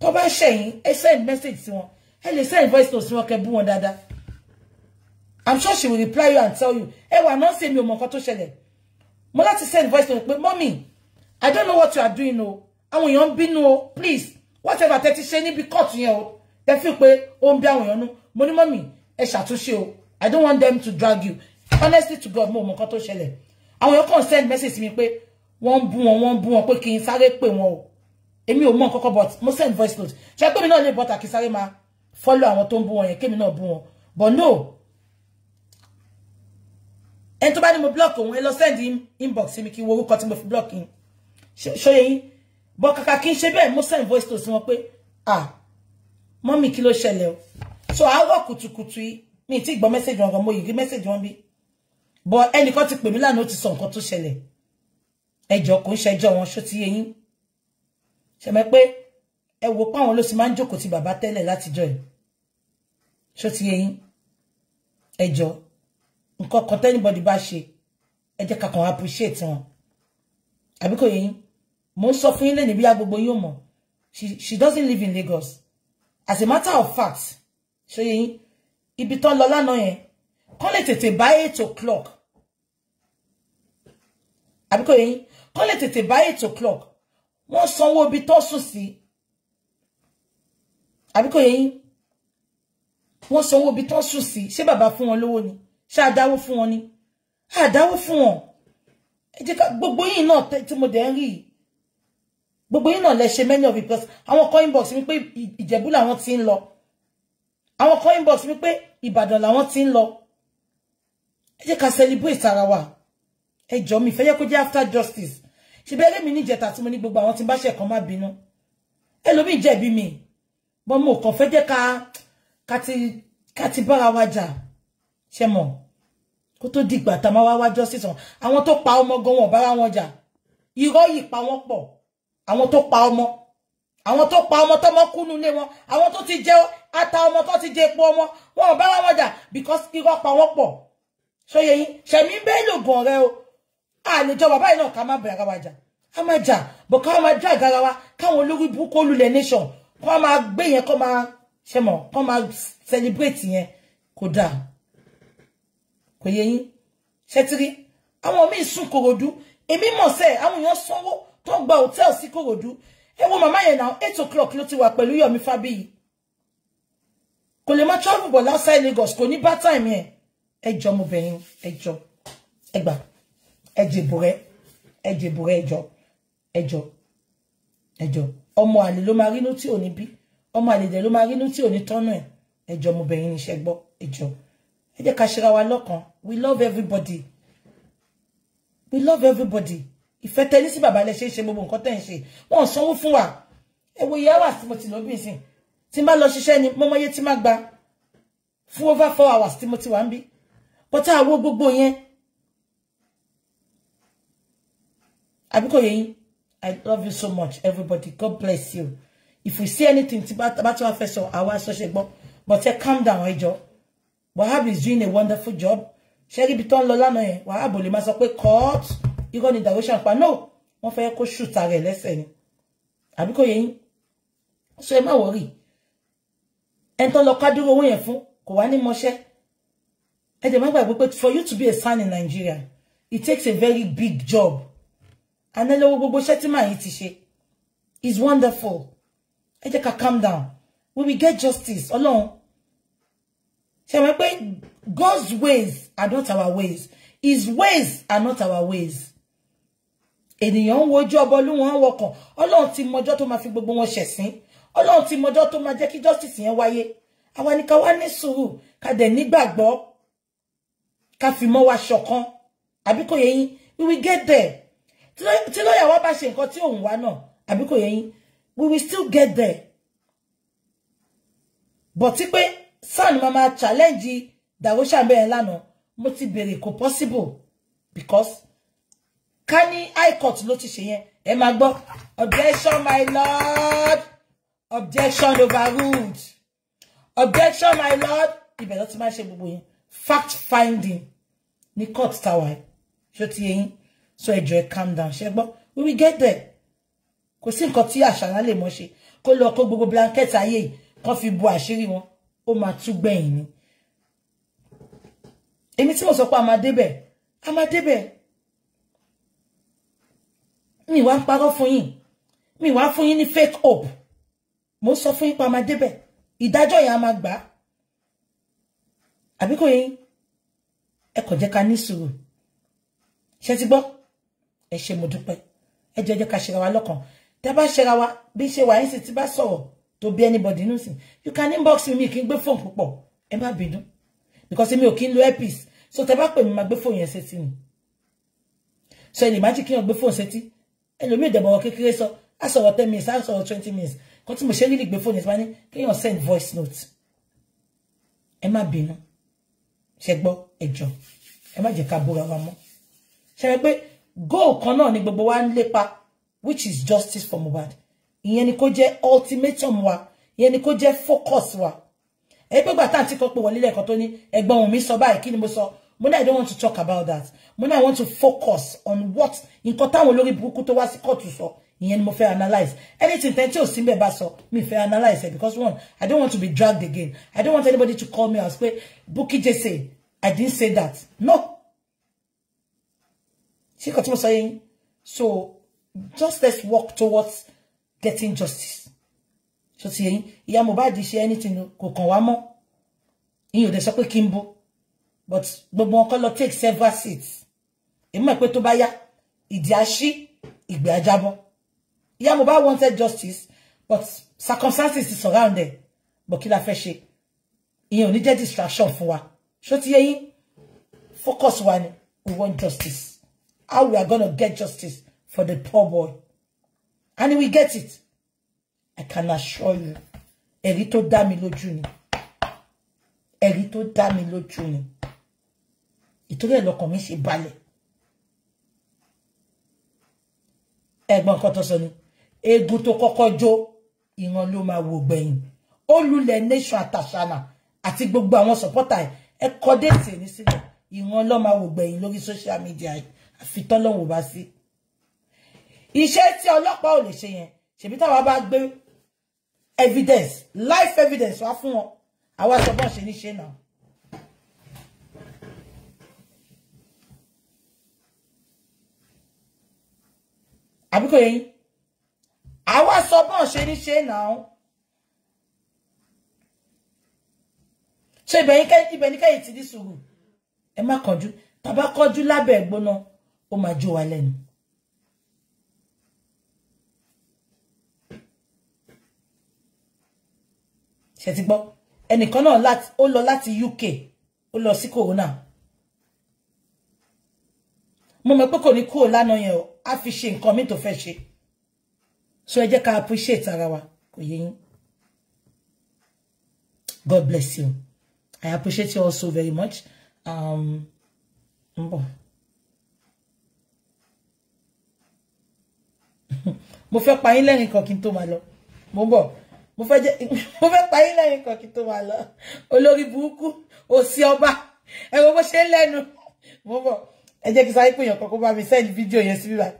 tó bá ṣẹ̀yìn ẹ send message sí wọn ẹ lè send voice note sí wọn kẹ bú wọn dáadáa i'm sure she will reply you and tell you ẹ wà náà ṣe mi ò mọ nǹkan tó ṣẹlẹ̀ mo láti send voice note pé mommy, i don't know what you are doing o àwọn èèyàn ń bínú o please whatever tẹ ti ṣe níbi court yẹn o tẹ fi pé ó ń bí àwọn èèyàn nú mo ní mọ́mì ẹ ṣàtúnṣe o i don't want them to drag you honestly to god mo mọ nǹkan tó ṣẹlẹ̀ àwọn èèyàn kàn send message mi pé wọ́n ń bú wọn wọ́n ń bú wọn pé kí n sáré pè wọn o èmi ò but mo send voice note ṣe pé mi náà lè bọ́ta kí sáré máa follow àwọn tó ń bú wọn yẹn kémi náà bú but no ẹni to bá ní mo block òun ẹ lọ send inbox mi kí n wo orúkọ tí mo fi block yín ṣó yẹ yín but kàkà kí n ṣe mo send voice note sí wọn ah mọ́mì kí ló ṣẹlẹ̀ o so I kùtùkùtù yìí mi ti gbọ́ mẹ́sẹ̀jì wọn gan mo yìí rí mẹ́sẹ̀jì wọn bí but ẹnìkan ti pè mí lánàá ó ti sọ nǹkan tó ẹjọ́ kò ń ṣẹjọ́ wọn ṣó ti yẹyìn ṣẹmẹ pé ẹ wò páwọn ló sì máa ń jókòó ti bàbá tẹ́lẹ̀ látijọ́ yìí ṣó ti yẹyìn ẹjọ́ nǹkan kan tẹ́nibọ́dì bá ṣe ẹ jẹ́ ká kàn appreciate wọn àbí kò yẹyìn mo ń sọ fún yín lẹ́nu bí a gbogbo yóò mọ̀ she she doesn't live in Lagos as a matter of fact ṣó yẹyìn ibi tán lọ lánàá yẹn kán lè tètè bá eight o'clock àbí kò yé yín kọ́ lè tètè bá eight o'clock wọ́n sanwó ibi tó sùn sí àbí kò yé yín wọ́n sanwó ibi tó sùn sí ṣé bàbá fún wọn lówó ni ṣé àdáwó fún wọn ni àdáwó fún wọn ẹ jẹ́ ká gbogbo yìí náà tí mo dẹ̀ ń rí gbogbo yìí náà lẹ ṣe many of the plus àwọn kan inbox mi pé ìjẹ̀bú làwọn ti ń lọ àwọn kan inbox mi pé ìbàdàn làwọn ti ń lọ ẹ jẹ́ ká celebrate ara wa ẹ jọ mi fẹ́ yẹ kó jẹ́ after justice ṣebí ẹlẹ́mìí níjẹta tí mo ní gbogbo àwọn tí n bá ṣẹ̀kan má bínú ẹlòmíì jẹ̀bi mi bọ́n mo kàn fẹ́ jẹ́ ká ká ti bára wa jà ṣe mọ̀ kó tó dìgbà tá a máa wá wá justice hàn àwọn to pa ọmọ gan wọn bára wọn jà irọ́ yìí pa wọ́n pọ̀ àwọn tó pa ọmọ àwọn tó pa to tọmọ kúnú lé wọn àwọn tó ti jẹ ata ọmọ tó ti jẹ epo ọmọ wọn ò bára wọn jà because irọ́ pa wọ́n pọ̀ ṣọyẹ yín ṣẹ̀mí bẹ́ẹ̀ lògùn ọ̀rẹ́ o àlejò bàbá yìí náà ká má bẹ̀rẹ̀ káwá jà ká má jà bọ̀ ká má jà gara wa káwọn olórí burúkú olùlẹ̀ nation kó máa gbé yẹn kó máa ṣe mọ̀ kó máa celebrate yẹn kò dáa kò yẹ yín ṣẹtiri àwọn míì sùn kòròdú èmi mọ̀ sẹ́ àwọn èèyàn sanwó tó ń gba hòtẹ́ẹ̀lì sí kòròdú ẹ wo màmá yẹn náà eight o'clock ló ti wà pẹ̀lú Yọ̀mí Fábíyì kò lè má travel bọ̀ outside Lagos kò ní bá time yẹn ẹ jọ mo bẹ̀ yín ẹ jọ ẹ gbà ẹ dìbò rẹ ẹ ẹjọ ẹjọ ẹjọ ọmọ àlè ló máa rínú tí ò ní bí ọmọ àlè dẹ ló máa rínú tí ò ní tọ́nà ẹ ẹjọ ọmọbìnrin níṣẹ́ gbọ́ ẹjọ ẹ ká ṣera wa lọ́kàn we love everybody we love everybody ìfẹ́ tẹ́lí sí bàbá lẹ ṣe é ṣe gbogbo nǹkan tẹ́ ń ṣe wọ́n sanwó fún wa ẹ wo ìyá wà tí mo ti lọ bí ìsìn tí má lọ ṣiṣẹ́ ni mọ́mọ́yé tí má gba fún over four hours tí mo ti wà ń bí bọ́tà wo gbogbo yẹn Abikoyin, I love you so much, everybody. God bless you. If we see anything about our first or our social, but, but calm down, ẹ Wahab is doing a wonderful job. Sherry Biton Lola no ye. Wahab ò lè máa court. You gonna da wishan pa. No. Wọ́n fẹ́ kó shoot ara Listen, lẹ́sẹ̀ ni. So I'm worry. En ton lo kaduro wọn yẹn fún. Kò wá ní mọṣẹ́. Ẹ dẹ̀ má gbàgbé for you to be a son in Nigeria, it takes a very big job. And lọ́wọ́ gbogbo iṣẹ́ tí màá yìí ti is wonderful I jẹ́ ká calm down we will get justice ọlọ́run ṣe wọ́n pé God's ways are not our ways his ways are not our ways ènìyàn ń wojú ọbọ lóhun wọkàn ọlọ́run on. mọjọ́ tó máa fi people wọn ṣẹ̀sín ọlọ́run ti mọjọ́ tó máa jẹ́ kí justice yẹn wáyé àwa ni ká wá ní sùúrù ká dẹ̀ nígbàgbọ́ ká fi mọ́ wa ṣọ̀kan àbí kò yẹ yín we will get there tí lọ́yàwó bá ṣe nǹkan tí òun wá náà àbí kò yé we will still get there but if we, son, mama, challenge máa challenge dàwó ṣàbẹ̀yẹn lánàá mo ti bèrè possible because can I cut court ló ti ṣe yẹn objection my lord objection overruled objection my lord You better not máa ṣe gbogbo fact finding ní court tower ṣó ti yẹ yín so ẹ jọ̀ọ́ calm down ṣe gbọ́ we will get there kò sí nǹkan tí àṣàlá lè mọ̀ ṣe kó lọ kó gbogbo blanket aye, yìí kó fi bo àṣírí wọn ó máa tú gbẹ̀yìn ni èmi tí mo sọ pé a máa a máa débẹ̀ mi wá ń parọ́ fún yín mi wá fún yín ní fake hope mo sọ fún yín pé a máa débẹ̀ ìdájọ́ yẹn a máa gbà á àbí kò yẹ yín ẹ kò jẹ́ ká ní ti gbọ́ ẹ ṣé mo dúpẹ́ ẹ jẹ́ jẹ́ ká ṣera wa lọ́kàn tẹ́ bá ṣera wa bí ṣe wà yín ti bá sọ̀rọ̀ tó bí anybody nù sí you can inbox me kí n gbé fóònù púpọ̀ ẹ má bínú because mi ò kí ń lo earpiece so tẹ́ bá pè mí máa gbé fóònù yẹn sétí ni so ẹ lè má ti kíyàn gbé fóònù sétí ẹlòmíì ìdẹ̀bọ̀wọ̀ kékeré sọ á sọ̀rọ̀ ten minutes á sọ̀rọ̀ twenty minutes kan tí mo ṣe rí lè gbé fóònù yẹn sí máa ní kéèyàn send voice note ẹ má bínú ṣe gbọ́ ẹjọ́ ẹ má jẹ́ ká bóra wa mọ́ ṣe pé goal kan ni gbogbo wa lépa which is justice for Mohbad ìyẹn ni kó jẹ́ ultimatum wa ìyẹn ni kó jẹ́ focus wa ẹgbẹ́ gbà táà tí kò pé wọlé lẹ́ẹ̀kan tó ní ẹ̀gbọ́n mi sọ ni mo sọ mo I don't want to talk about that mo I want to focus on what in táwọn olórí burúkú tó wá sí I sọ ìyẹn ni mo fẹ́ analyse anything tẹ́ tí ò sí bẹ́ẹ̀ bá sọ mi fẹ́ analyse it because one I don't want to be dragged again I don't want anybody to call me as pé Bukky Jesse I didn't say that no See what I'm saying? So just let's work towards getting justice. So saying, ìyá Mohbad ṣe anything kò kàn wá mọ́. Ìyẹn ò dẹ̀ sọ pé kí n bọ̀. But gbogbo wọn kọ́ lọ take several seats. go mọ̀ pé tó bá yá, ìdí àṣí, ìgbé àjábọ̀. Ìyá Mohbad wanted justice, but circumstances ti surround But kí la fẹ́ ṣe? Ìyẹn ò distraction for what. So ti focus one, we want justice how we are going to get justice for the poor boy. And we get it. I can assure you. A little dá mi A little Ẹ̀rí tó dá mi lójú ni. Ìtorí ẹ̀ lọ́kàn mi ṣe balẹ̀. Ẹ̀gbọ́n nǹkan tó sọ ni. Egun tó kọ́kọ́ jó ìran ló máa wò gbẹ̀yìn. Ó lulẹ̀ nation àtàṣànà àti gbogbo àwọn sọ̀pọ́tà ẹ̀. Ẹ kọ́ déètì ní sílẹ̀. Ìran ló máa wò gbẹ̀yìn social media yìí. àfi tọ́lọ́run bá sí iṣẹ́ tí ọlọ́pàá ò lè ṣe yẹn ṣèbí táwa bá gbé evidence life evidence wá fún wọn àwa sọ bọ́n ṣe ní ṣe náà. àbíkò yẹn àwa sọ bọ́n ṣe ní ṣe náà. ṣé ibẹ̀ ní kẹ́yìn ti ní sùúrù ẹ má kọjú tàbá kọjú lábẹ́ ẹ̀gbóná ó máa jó wa lẹ́nu. ṣe ti gbọ́ ẹnìkan náà ó lọ láti UK ó lọ sí corona mo mọ̀ pé kò ní kúrò lánàá yẹn o á fi ṣe nǹkan mi tó fẹ́ ṣe so ẹ jẹ́ ká appreciate ara wa kò yé yín God bless you I appreciate you also very much um, mbọ̀. mo fẹ́ pa yín lẹ́yìn kan kí n tó máa lọ mo ń bọ̀ mo fẹ́ jẹ́ mo fẹ́ pa yín lẹ́yìn kan kí n tó máa lọ olórí burúkú òsì ọba ẹ wo bó ṣe ń lẹ́nu mo ń bọ̀ ẹ jẹ́ kí sáré pèèyàn kan kó bá mi sẹ́ẹ̀lì fídíò yẹn síbí báyìí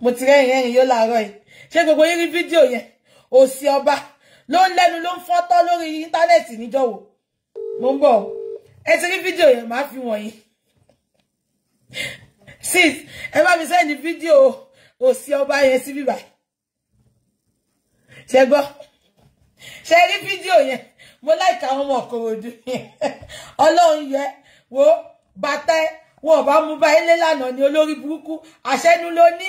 mo ti rẹ́rìn rẹ́rìn yóò láàárọ̀ yìí ṣé gbogbo yín rí fídíò yẹn òsì ọba ló ń lẹ́nu ló ń fọ́tọ́ lórí íńtánẹ́ẹ̀tì níjọ́wọ́ mo ń bọ̀ ẹ ti rí fídíò yẹn màá fi wọ̀nyí sis ẹ bá mi sẹ́ẹ̀lì fídíò o òsì ọba yẹn sí bíbà ṣe gbọ́ ṣe rí fídíò yẹn mo láìka àwọn ọmọ Ìkòròdú ọlọ́run yẹ wo bàtà ẹ wọn ò bá mú bá ilé lánàá ni olórí burúkú àṣẹnu ló ní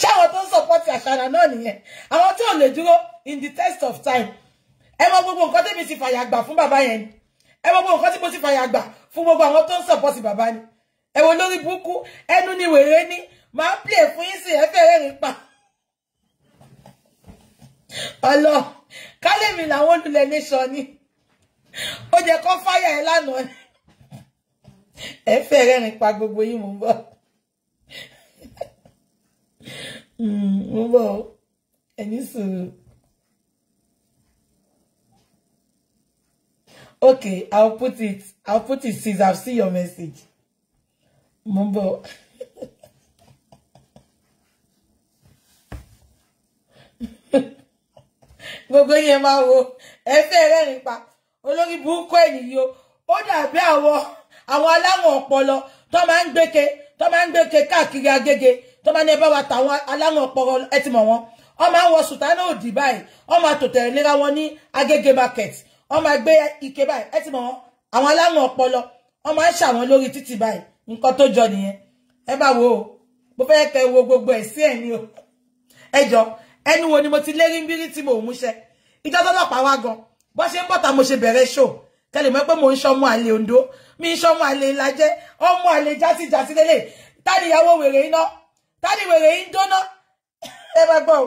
ṣáwọn tó to support. àṣàrà náà nìyẹn àwọn tí ò lè dúró in the test of time ẹ mọ gbogbo nǹkan tẹ́mi ti fàyà gbà fún bàbá yẹn ni ẹ mọ gbogbo nǹkan tí mo ti fàyà gbà fún gbogbo àwọn tó ń sọpọ́tì ni ẹ wo lórí burúkú ẹnu ni wèrè ní máa play fún yín sí ẹ fẹ́rẹ̀ rí pa ọlọ kálẹ̀mí làwọn olùlẹ̀ nation ni ó jẹ́ fire fáyà ẹ lánàá ẹ fẹ́rẹ̀ rí pa gbogbo yìí mò ń bọ̀ mò hmm, ń bọ̀ ẹni Okay, I'll put it. I'll put it since I've seen your message. Mumbo. gbogbo yẹn máa wo ẹfẹ́ rẹ́rìn pa olórí burúkú ènìyàn o ó dàbí àwọn àwọn aláwọ̀n ọpọlọ tó máa ń gbéke tó máa ń gbéke káàkiri agége tó máa ń ẹ wa tàwọn ọpọlọ ẹ wọn ọ máa ń wọ sùtánà òdì báyìí ọ máa tò tẹ̀lé wọn ní agége market wọ́n máa gbé ike báyìí ẹ ti wọn àwọn ọpọlọ máa ń lórí títì báyìí nǹkan tó jọ nìyẹn o mo wo gbogbo ẹ̀ sí ẹ̀ o ẹnu wo ni mo ti lérí bírí tí mo múṣẹ ìjọ tọ́lọ́pàá wá gan bó ṣe ń bọ̀ta mo ṣe bẹ̀rẹ̀ ṣò tẹ́lẹ̀ mọ́ pé mo ń ṣọmọ àlè Ondo mi ń ṣọmọ àlè Ìlàjẹ ọmọ àlè jásí jásí lélẹ̀ tani ìyàwó wèrè iná tani wèrè ń jóná ẹ bá gbọ́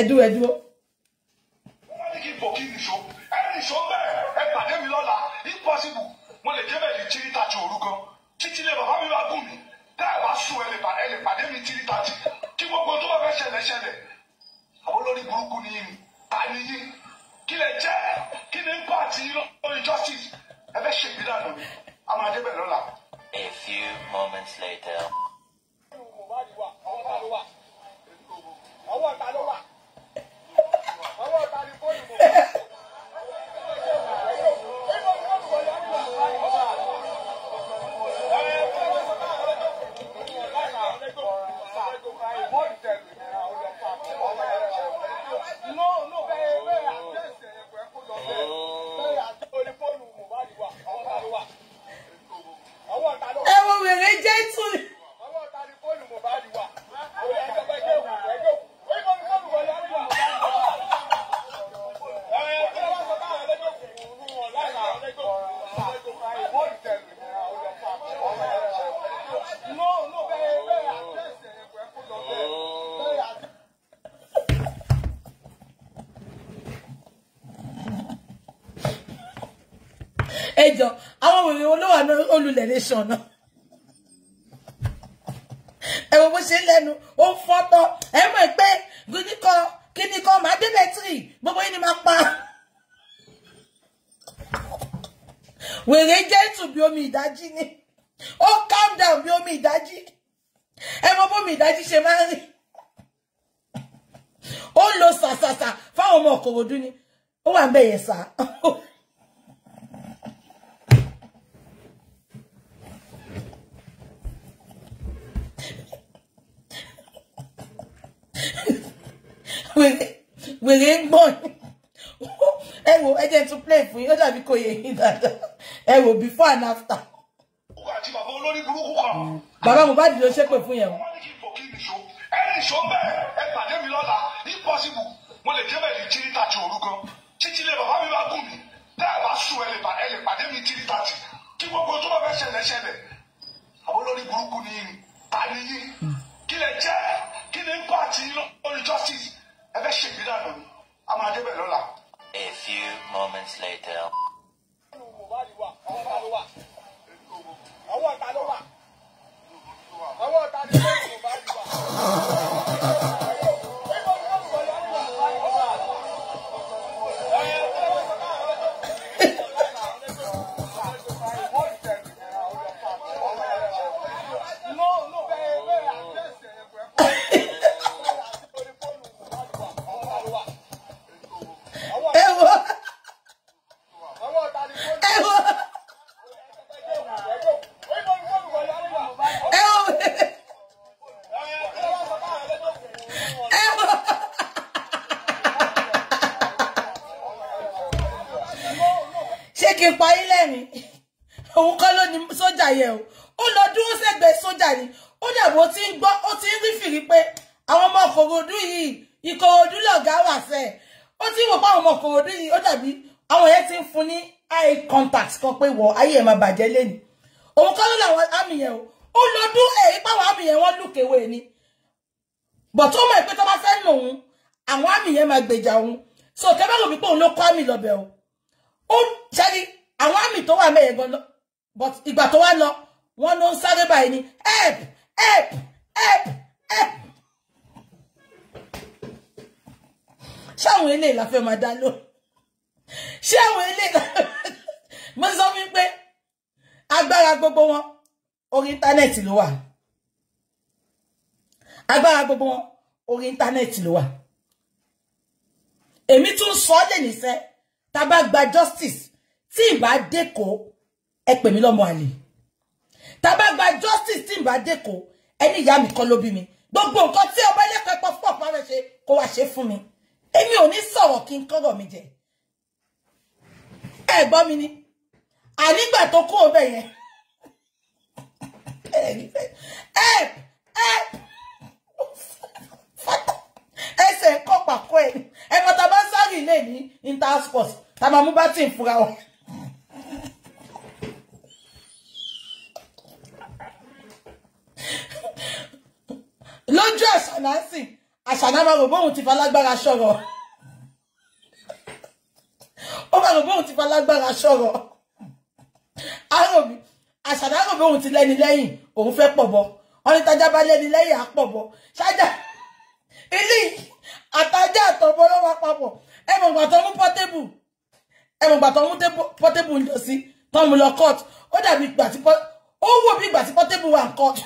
ẹdú ẹdú. wọ́n ní kí bòkì nìṣó ẹ̀rín ìṣó bẹ́ẹ̀ ẹ pàdé mi lọ́la impossible mo lè débẹ̀ ní tìrìtà tí òru gan títí lè bàbá mi wá gùn mí ẹ lè pàdé mi tiri tàti kí gbogbo tó bá fẹ́ ṣẹlẹ̀ ṣẹlẹ̀ àwọn olórí burúkú ni yín ta yín kí lè jẹ́ kí ni impact yín lórí justice ẹ fẹ́ ṣègbè dànù ni a máa débẹ̀ lọ́la. a few moments later. ọwọ́ ta ló wà. ọwọ́ ta ló wà. television náà ẹ wo bó ṣe ń lẹ́nu ó ń fọ́tọ̀ ẹ mọ̀ pé gíníkọ kíníkọ máa dé bẹ́tìrì gbogbo yìí ni máa pa wèrè jẹ́tù bí omi ìdájí ni ó calm down bí omi ìdájí ẹ mọ̀ she ìdájí Oh no, ń rìn ó ń lo sàsàsà fáwọn ọmọ òkòròdú ni ó wà ń bẹ̀yẹ̀ sá. wèrè wèrè ń gbọ̀n ẹ wo ẹ jẹ́ tún play fún yín ó dàbí kò yẹ yín dáadáa ẹ wo before and after. àti bàbá olórí burúkú kan. bàbá Mohbad ló ṣépè fún yẹn o. ẹni ìṣó bẹ́ẹ̀ ẹ pàdé mi lọ́la impossible mo lè débẹ̀ ní tírí tàti òru gan títí lè bàbá mi bá gùn mí bẹ́ẹ̀ bá sùn ẹ lè pàdé mi tírí tàti kí gbogbo tó bá fẹ́ ṣẹlẹ̀ ṣẹlẹ̀ olórí burúkú ni ta ni yín kí lè jẹ́ kí ni ń pàtì lórí justice ẹ fẹ́ ṣèbí dànù ni a máa débẹ̀ lọ́la. a few moments later. ọwọ́ ta ló wà ọwọ́ ta ló wà ọwọ́ ta ló wà. dẹ̀ wo ti ń gbọ́ ó ti ń rí fìrí pé àwọn ọmọ Ìkòròdú yìí Ìkòròdú lọ̀gá wà sẹ́ ó ti wò báwọn ọmọ Ìkòròdú yìí ó dàbí àwọn yẹn ti ń fún ní eye contact kan pé wọ ayé ẹ̀ máa bàjẹ́ lẹ́nu òun kọ́ ló làwọn àmì yẹn o ó lọ dún èyí páwọn àmì yẹn wọ́n lùkèwé ni bọ̀ tó mọ̀ pé tó bá fẹ́ nù òun àwọn àmì yẹn máa gbèjà òun so kẹ́fẹ́ lòmí pé òun ló kọ́ àmì lọ́bẹ̀ o ó jẹ́rí àwọn àmì tó wà mẹ́yẹ̀ gan lọ but ìgbà tó wá lọ wọ́n ló ń sáré báyìí ni help help, help, help. ṣé àwọn eléyìí la fẹ́ máa dá ló ṣé àwọn eléyìí la fẹ́ mo sọ wípé agbára gbogbo wọn orí íńtánẹ́ẹ̀tì ló wà agbára gbogbo wọn orí íńtánẹ́ẹ̀tì ló wà èmi tún sọ ọ́ lè níṣẹ́ tá bá gba justice tí ìbá dẹ́kọ̀ọ́ ẹ pè mí lọ́mọ àlè tá bá gba justice tí ìbá dẹ́kọ̀ọ́ ẹni ya mi kọ́ ló bí mi gbogbo nǹkan tí ọba ẹlẹ́kọ̀ọ́ ẹ̀pọ̀ fún ọ̀pá rẹ̀ ṣe kó wá ṣe fún mi èmi ò ní sọ̀rọ̀ kí n kọ́rọ̀ mi jẹ ẹ gbọ́ mi ni ànígbà tó kó ọbẹ̀ yẹn help help ẹsẹ̀ kọ́ pàkó ẹ̀ ẹ̀kọ́ tá a bá sáré ilé ní intersport tá a máa mú bá tì ń fura wọn. lójú àṣàlá ń sìn àṣàlá máa rò bóun ti falágbára sọ̀rọ̀ ó máa rò bóun ti falágbára sọ̀rọ̀ àròbí àṣàlá rò bóun ti lẹ́ni lẹ́yìn òun fẹ́ pọ̀ bọ̀ wọ́n ní tájá bá lẹ́ni lẹ́yìn àpọ̀ bọ̀ ṣáájà ilé àtajà àtọ̀bọ̀ ló wà papọ̀ ẹ̀mọ̀ gbà tó mú pọ́tébù ẹ̀mọ̀ gbà tó mú pọ́tébù ń jọ sí tọ́mù lọ ó dàbí ìgbà tí ó wò bí ìgbà pọ́tébù wà ń kọ́ọ̀tù.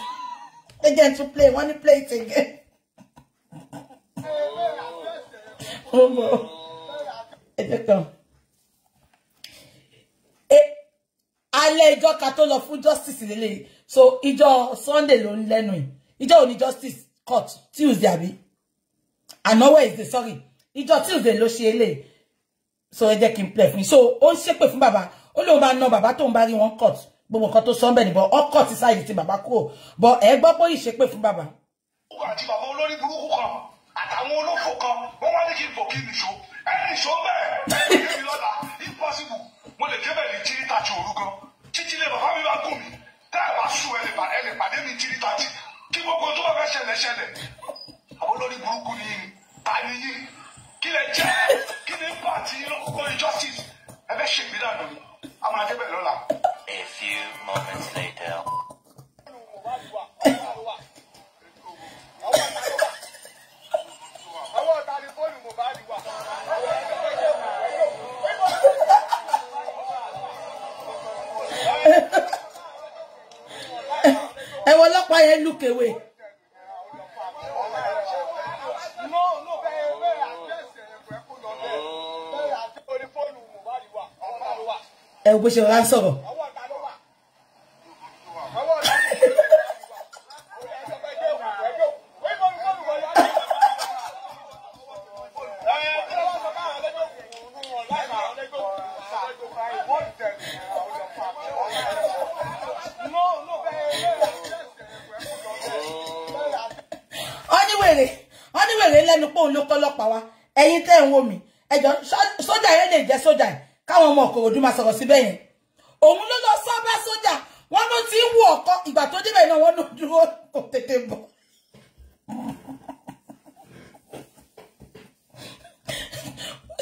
Again to play. When they play it again. Homo. Oh, Ẹ̀dẹ́kan. Alẹ́ ìjọ ká tó lọ fún justice lélẹ̀. So ìjọ Sunday ló ń lẹ́nu yìí. Ìjọ justice court Tuesday àbí? Àná the sorry. Ìjọ Tuesday ló ṣe So ẹ can play for me. So ó ń ṣépè fún bàbá. Ó no bàbá tóun bá rí wọn court. gbogbo nǹkan tó sọ ń bẹ̀ nìbọn ọkọ̀ ti sáyé ti bàbá kúrò bọ ẹ gbọ́ pé ìṣépè fún bàbá. àti bàbá olórí burúkú kan àtàwọn olófò kan wọn wá ní kí n bò kí n nìṣó ẹ nìṣó bẹ́ẹ̀ ẹ ní kí lọ́la impossible mo lè débẹ̀ ní tírí tàti òru gan títí lè bàbá mi bá gùn mí tá ẹ bá sùn ẹ lè pàdé mi tírí tàti kí gbogbo tó bá fẹ́ ṣẹlẹ̀ ṣẹlẹ̀ àwọn olórí burúkú ni tani yìí kí lè jẹ́ kí ni pàtì yín lọ́kọ́ justice ẹ fẹ́ ṣègbè dànù ni A few moments later. ẹ wọ ọlọ́pàá yẹn look ẹ wo bó ṣe wá sọ̀rọ̀. kòròdú máa sọ̀rọ̀ síbẹ̀ yẹn òun ló lọ sábà sójà wọn ló ti ń ọkọ ìgbà tó débẹ̀ náà wọn ló dúró kò tètè bọ̀.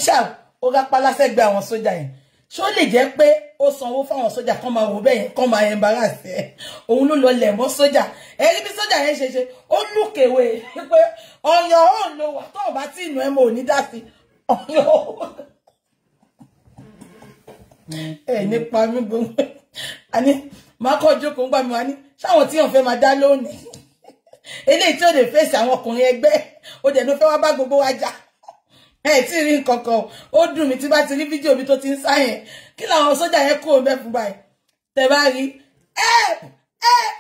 ṣá ó rápá lásẹ̀gbẹ̀ àwọn sójà yẹn ṣó lè jẹ́ pé ó sanwó fáwọn sójà kán máa wò bẹ́ẹ̀ kán máa embarrass ẹ̀ òun ló lọ lẹ̀ mọ́ sójà ẹ̀rí bí sójà yẹn ṣe ṣe ó lùkèwé pé your own, ló wà tó bá tí ìnú ẹ̀ mọ̀ ò ní dá sí ọ̀yàn òun. ẹ nípa mm-hmm. mi gbogbo àní máa kọ́ jókòó ń gbà mí wá ní sáwọn tí wọ́n fẹ́ máa dá lónìí eléyìí tí ó lè fèsì àwọn ọkùnrin ẹgbẹ́ ó dẹ̀ ló fẹ́ wá bá gbogbo wa jà ẹ tí rí nǹkan kan ó dùn mí tí bá ti rí fídíò mi tó ti ń sá yẹn kí làwọn sójà yẹn kó o bẹ fún báyìí tẹ bá rí ẹp ẹp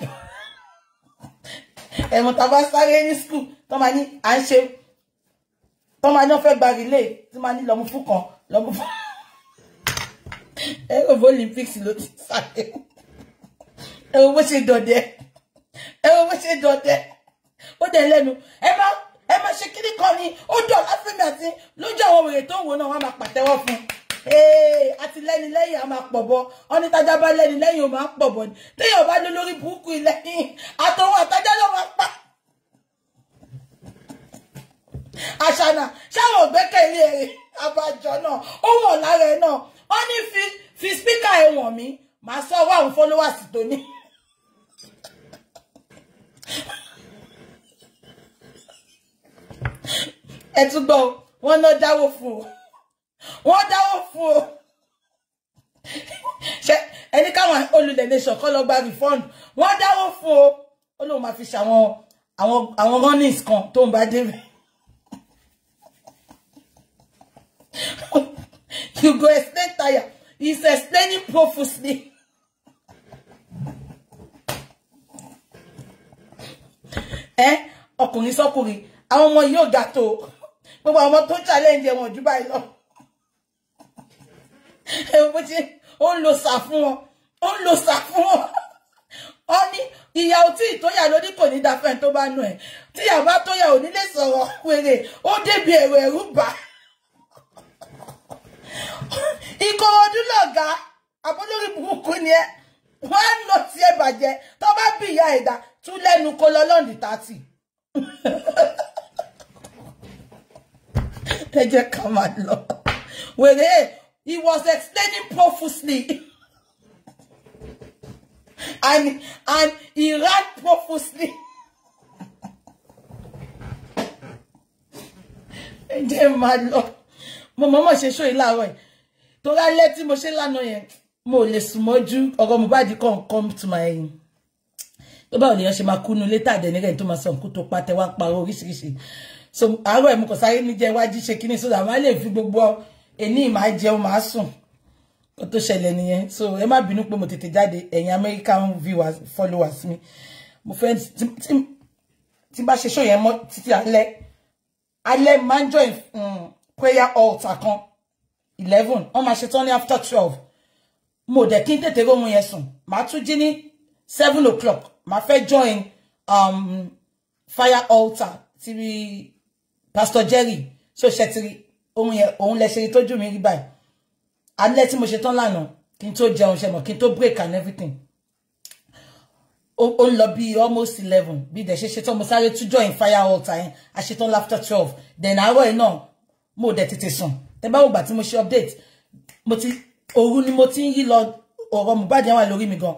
ẹ̀wọ̀n tá a bá sáré ní skul tó máa ní à ń ṣe tó máa ní wọ́n fẹ́ gba rìlé tó máa ní lọ́mú fún kan lọ́mú fún kan. ẹ wò bó olympics ló ti sáré ẹ wò bó ṣe dọdẹ ẹ wò bó ṣe dọdẹ ó dẹ lẹ́nu ẹ má ẹ má ṣe kíní kan ni ó dọ̀ láfẹ́mi àti lójú àwọn wèrè tó ń wò náà wọ́n á máa pàtẹ́wọ́ fún un àti lẹ́ni lẹ́yìn a máa pọ̀bọ ọ́ní tájá bá lẹ́ni lẹ́yìn o máa pọ̀bọ ni téèyàn bá ní lórí burúkú lẹ́yìn àtọwọ́ àtajá ló máa pa. àṣànà ṣáwọn ògbẹ́kẹ̀lé ẹ̀rẹ̀ abájọ náà ó wọ̀ lára ẹ̀ náà ó ní fi fi spíkà ẹ̀wọ̀n mi màá sọ wá àwọn followers tó ní. ẹ tún gbọ́ wọn náà dáwó fún o wọ́n dáwó fún o ṣe ẹni káwọn olùdẹ̀ nation kọ́ lọ gba refund wọ́n dáwó fún o ó lóun máa fi ṣàwọn àwọn àwọn runnings kan tó ń bá débẹ̀. You go explain tire. He's explaining profusely. eh? Ọkùnrin sọ́kùnrin. Àwọn ọmọ yóò ga tó. Gbogbo àwọn ọmọ tó challenge ẹ̀ wọ̀n jù báyìí lọ. Ẹ̀wọ̀n on lo ó On lo sà Oni. wọn. Ó ń lo sà fún wọn. Ó ní ìyà to ìtóyà lóní kò ní dáfẹ́ tó bá nù ẹ̀. Tíyàwó bá tóyà ò ní lè sọ̀rọ̀ wèrè. Ó débi ẹ̀rọ ẹ̀rú bá. He called you, loga. Abolori buku niye. Wan lo siye baje. Toba bi ya eda. Tu le nu kololon di tati. Teje kamad lo. Wene. He was explaining profusely. and, and he ran profusely. And then my lord. My mama she show you love, way. tó lálẹ́ tí mo ṣe lánàá yẹn mo lè sùn mọ́jú ọ̀rọ̀ Mohbad kàn come to my tó báwo lèèyàn ṣe máa kúnú létà àdẹ́nirẹ́ tó máa sọ nǹkú tó pàtẹ́ wá parọ́ oríṣiríṣi so àárọ̀ ẹ̀ mo kàn sáré ní jẹ́ wájú ṣe kíní sódà máa lè fi gbogbo ẹni máa jẹun máa sùn kó tó ṣẹlẹ̀ nìyẹn so ẹ má bínú pé mo tètè jáde ẹ̀yin American viewers followers mi mo fẹ́ tí bá ṣe ṣó yẹn mọ́ títí alẹ́ alẹ́ máa ń join mm, prayer altar kan eleven wọ́n máa ṣetán ní after twelve mo dẹ̀ kí n tètè róhun yẹn sùn màá tún jí seven o'clock màá fẹ́ join um, fire altar ti pastor Jerry so ṣẹtiri ohun yẹn òun lẹ ṣe rí tójú mi rí báyìí alẹ́ tí mo ṣetán lánàá kí n tó jẹun ṣe mọ̀ kí n break and everything ó ń lọ almost eleven bí dẹ̀ ṣe ṣetán mo sáré to join fire altar yẹn àṣetán after twelve then àárọ̀ yìí náà mo dẹ̀ tètè sùn tẹ bá wògbà tí mo ṣe update mo ti òru ni mo ti ń yí lọ ọ̀rọ̀ Mohbad wà lórí mi gan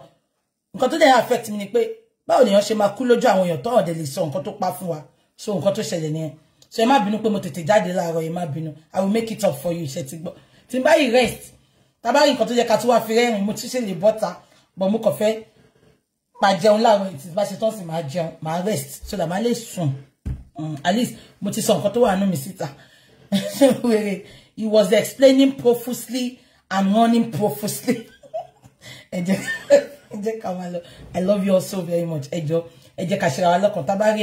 nǹkan tó dẹ̀ affect mi ni pé báwo lèèyàn ṣe máa kú lójú àwọn èèyàn tọ́rọ̀ dẹ̀ lè sọ nǹkan tó pa fún wa so nǹkan tó ṣẹlẹ̀ nìyẹn so ẹ má bínú pé mo tètè jáde láàárọ̀ ẹ má bínú i will make it up for you ṣe ti gbọ́ tí n bá rest tá bá rí nǹkan tó yẹ ká tó wá fi rẹ́rìn mo tún ṣe lè bọ́ta but mo kàn fẹ́ máa jẹun láàárọ̀ tí bá ṣe tán sì máa jẹun máa rest so that máa lè sùn mm, at least mo ti sọ nǹkan tó wà nù mí síta wèrè He was explaining profusely and running profusely. I love you all so very much. Ẹ jọ̀ọ́, ẹ jẹ́ ká ṣe ara lọ́kàn tá bá rí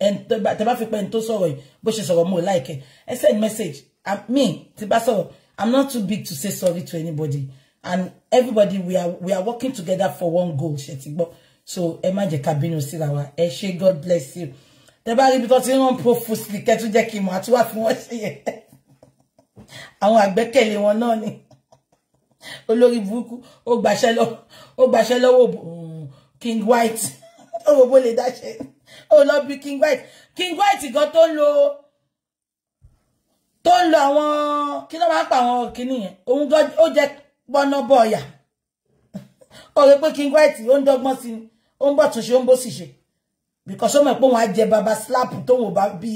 ẹni tẹ́ bá fi pé ẹni tó sọ̀rọ̀ like ẹ. Ẹ send message. Me tí bá sọ̀rọ̀ I'm not too big to say sorry to anybody and everybody we are we are working together for one goal ṣé So Emma má jẹ́ ká bínú síra wa. Ẹ God bless you. Tẹ́ bá rí ibi profusely ke àtúwà fún wọn ṣe àwọn àgbẹ́kẹ̀lé wọn náà ni olórí burúkú ó gbàṣẹ́ lọ ó gbàṣẹ́ lọ́wọ́ mm, King White ó wò bó lè dáṣẹ́ ó lọ bí King White King White gan tó ń lo tó ń lo àwọn kí ló máa ń pa àwọn kìnnì yẹn òun gan ó jẹ gbọ́ná bọ̀ọ̀yà ó rí pé King White ó ń dọ́gbọ́n sí ó ń bọ̀ tún ṣe ó ń bó sì ṣe because ó mọ̀ pé òun á jẹ baba slap tóun ò bá bí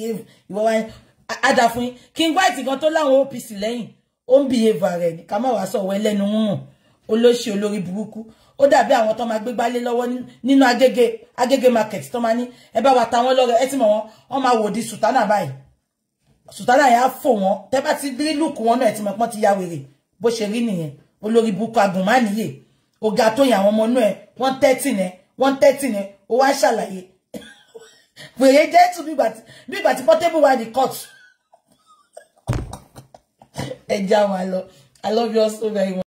ìwọ wáyé àdàfún yín King White kan tó láwọn OPC lẹ́yìn ó ń bìhèvà rẹ̀ ní ká má wàá sọ̀wọ́ ẹlẹ́nu hùn olóṣì olórí burúkú ó dàbí àwọn tó máa gbégbá lé lọ́wọ́ nínú agége agége market tó máa ní ẹ bá wa ta wọ́n lọ́rẹ ẹ ti mọ̀ wọ́n wọ́n máa wò di sùtánà báyìí sùtánà yẹn á fò wọ́n tẹ́ bá ti rí lùkù wọn náà ẹ ti mọ̀ pọ́n ti ya wèrè bó ṣe rí nìyẹn olórí burúkú agùnmánìyè o tó yàn àwọn ọmọ inú ẹ wọ́n tẹ́tì nẹ wọ́n tẹ́tì o ó wá ṣàlàyé wèrè jẹ́ tù bí ìgbà tí Portable wà ní court ẹ já wa I love you all so very much.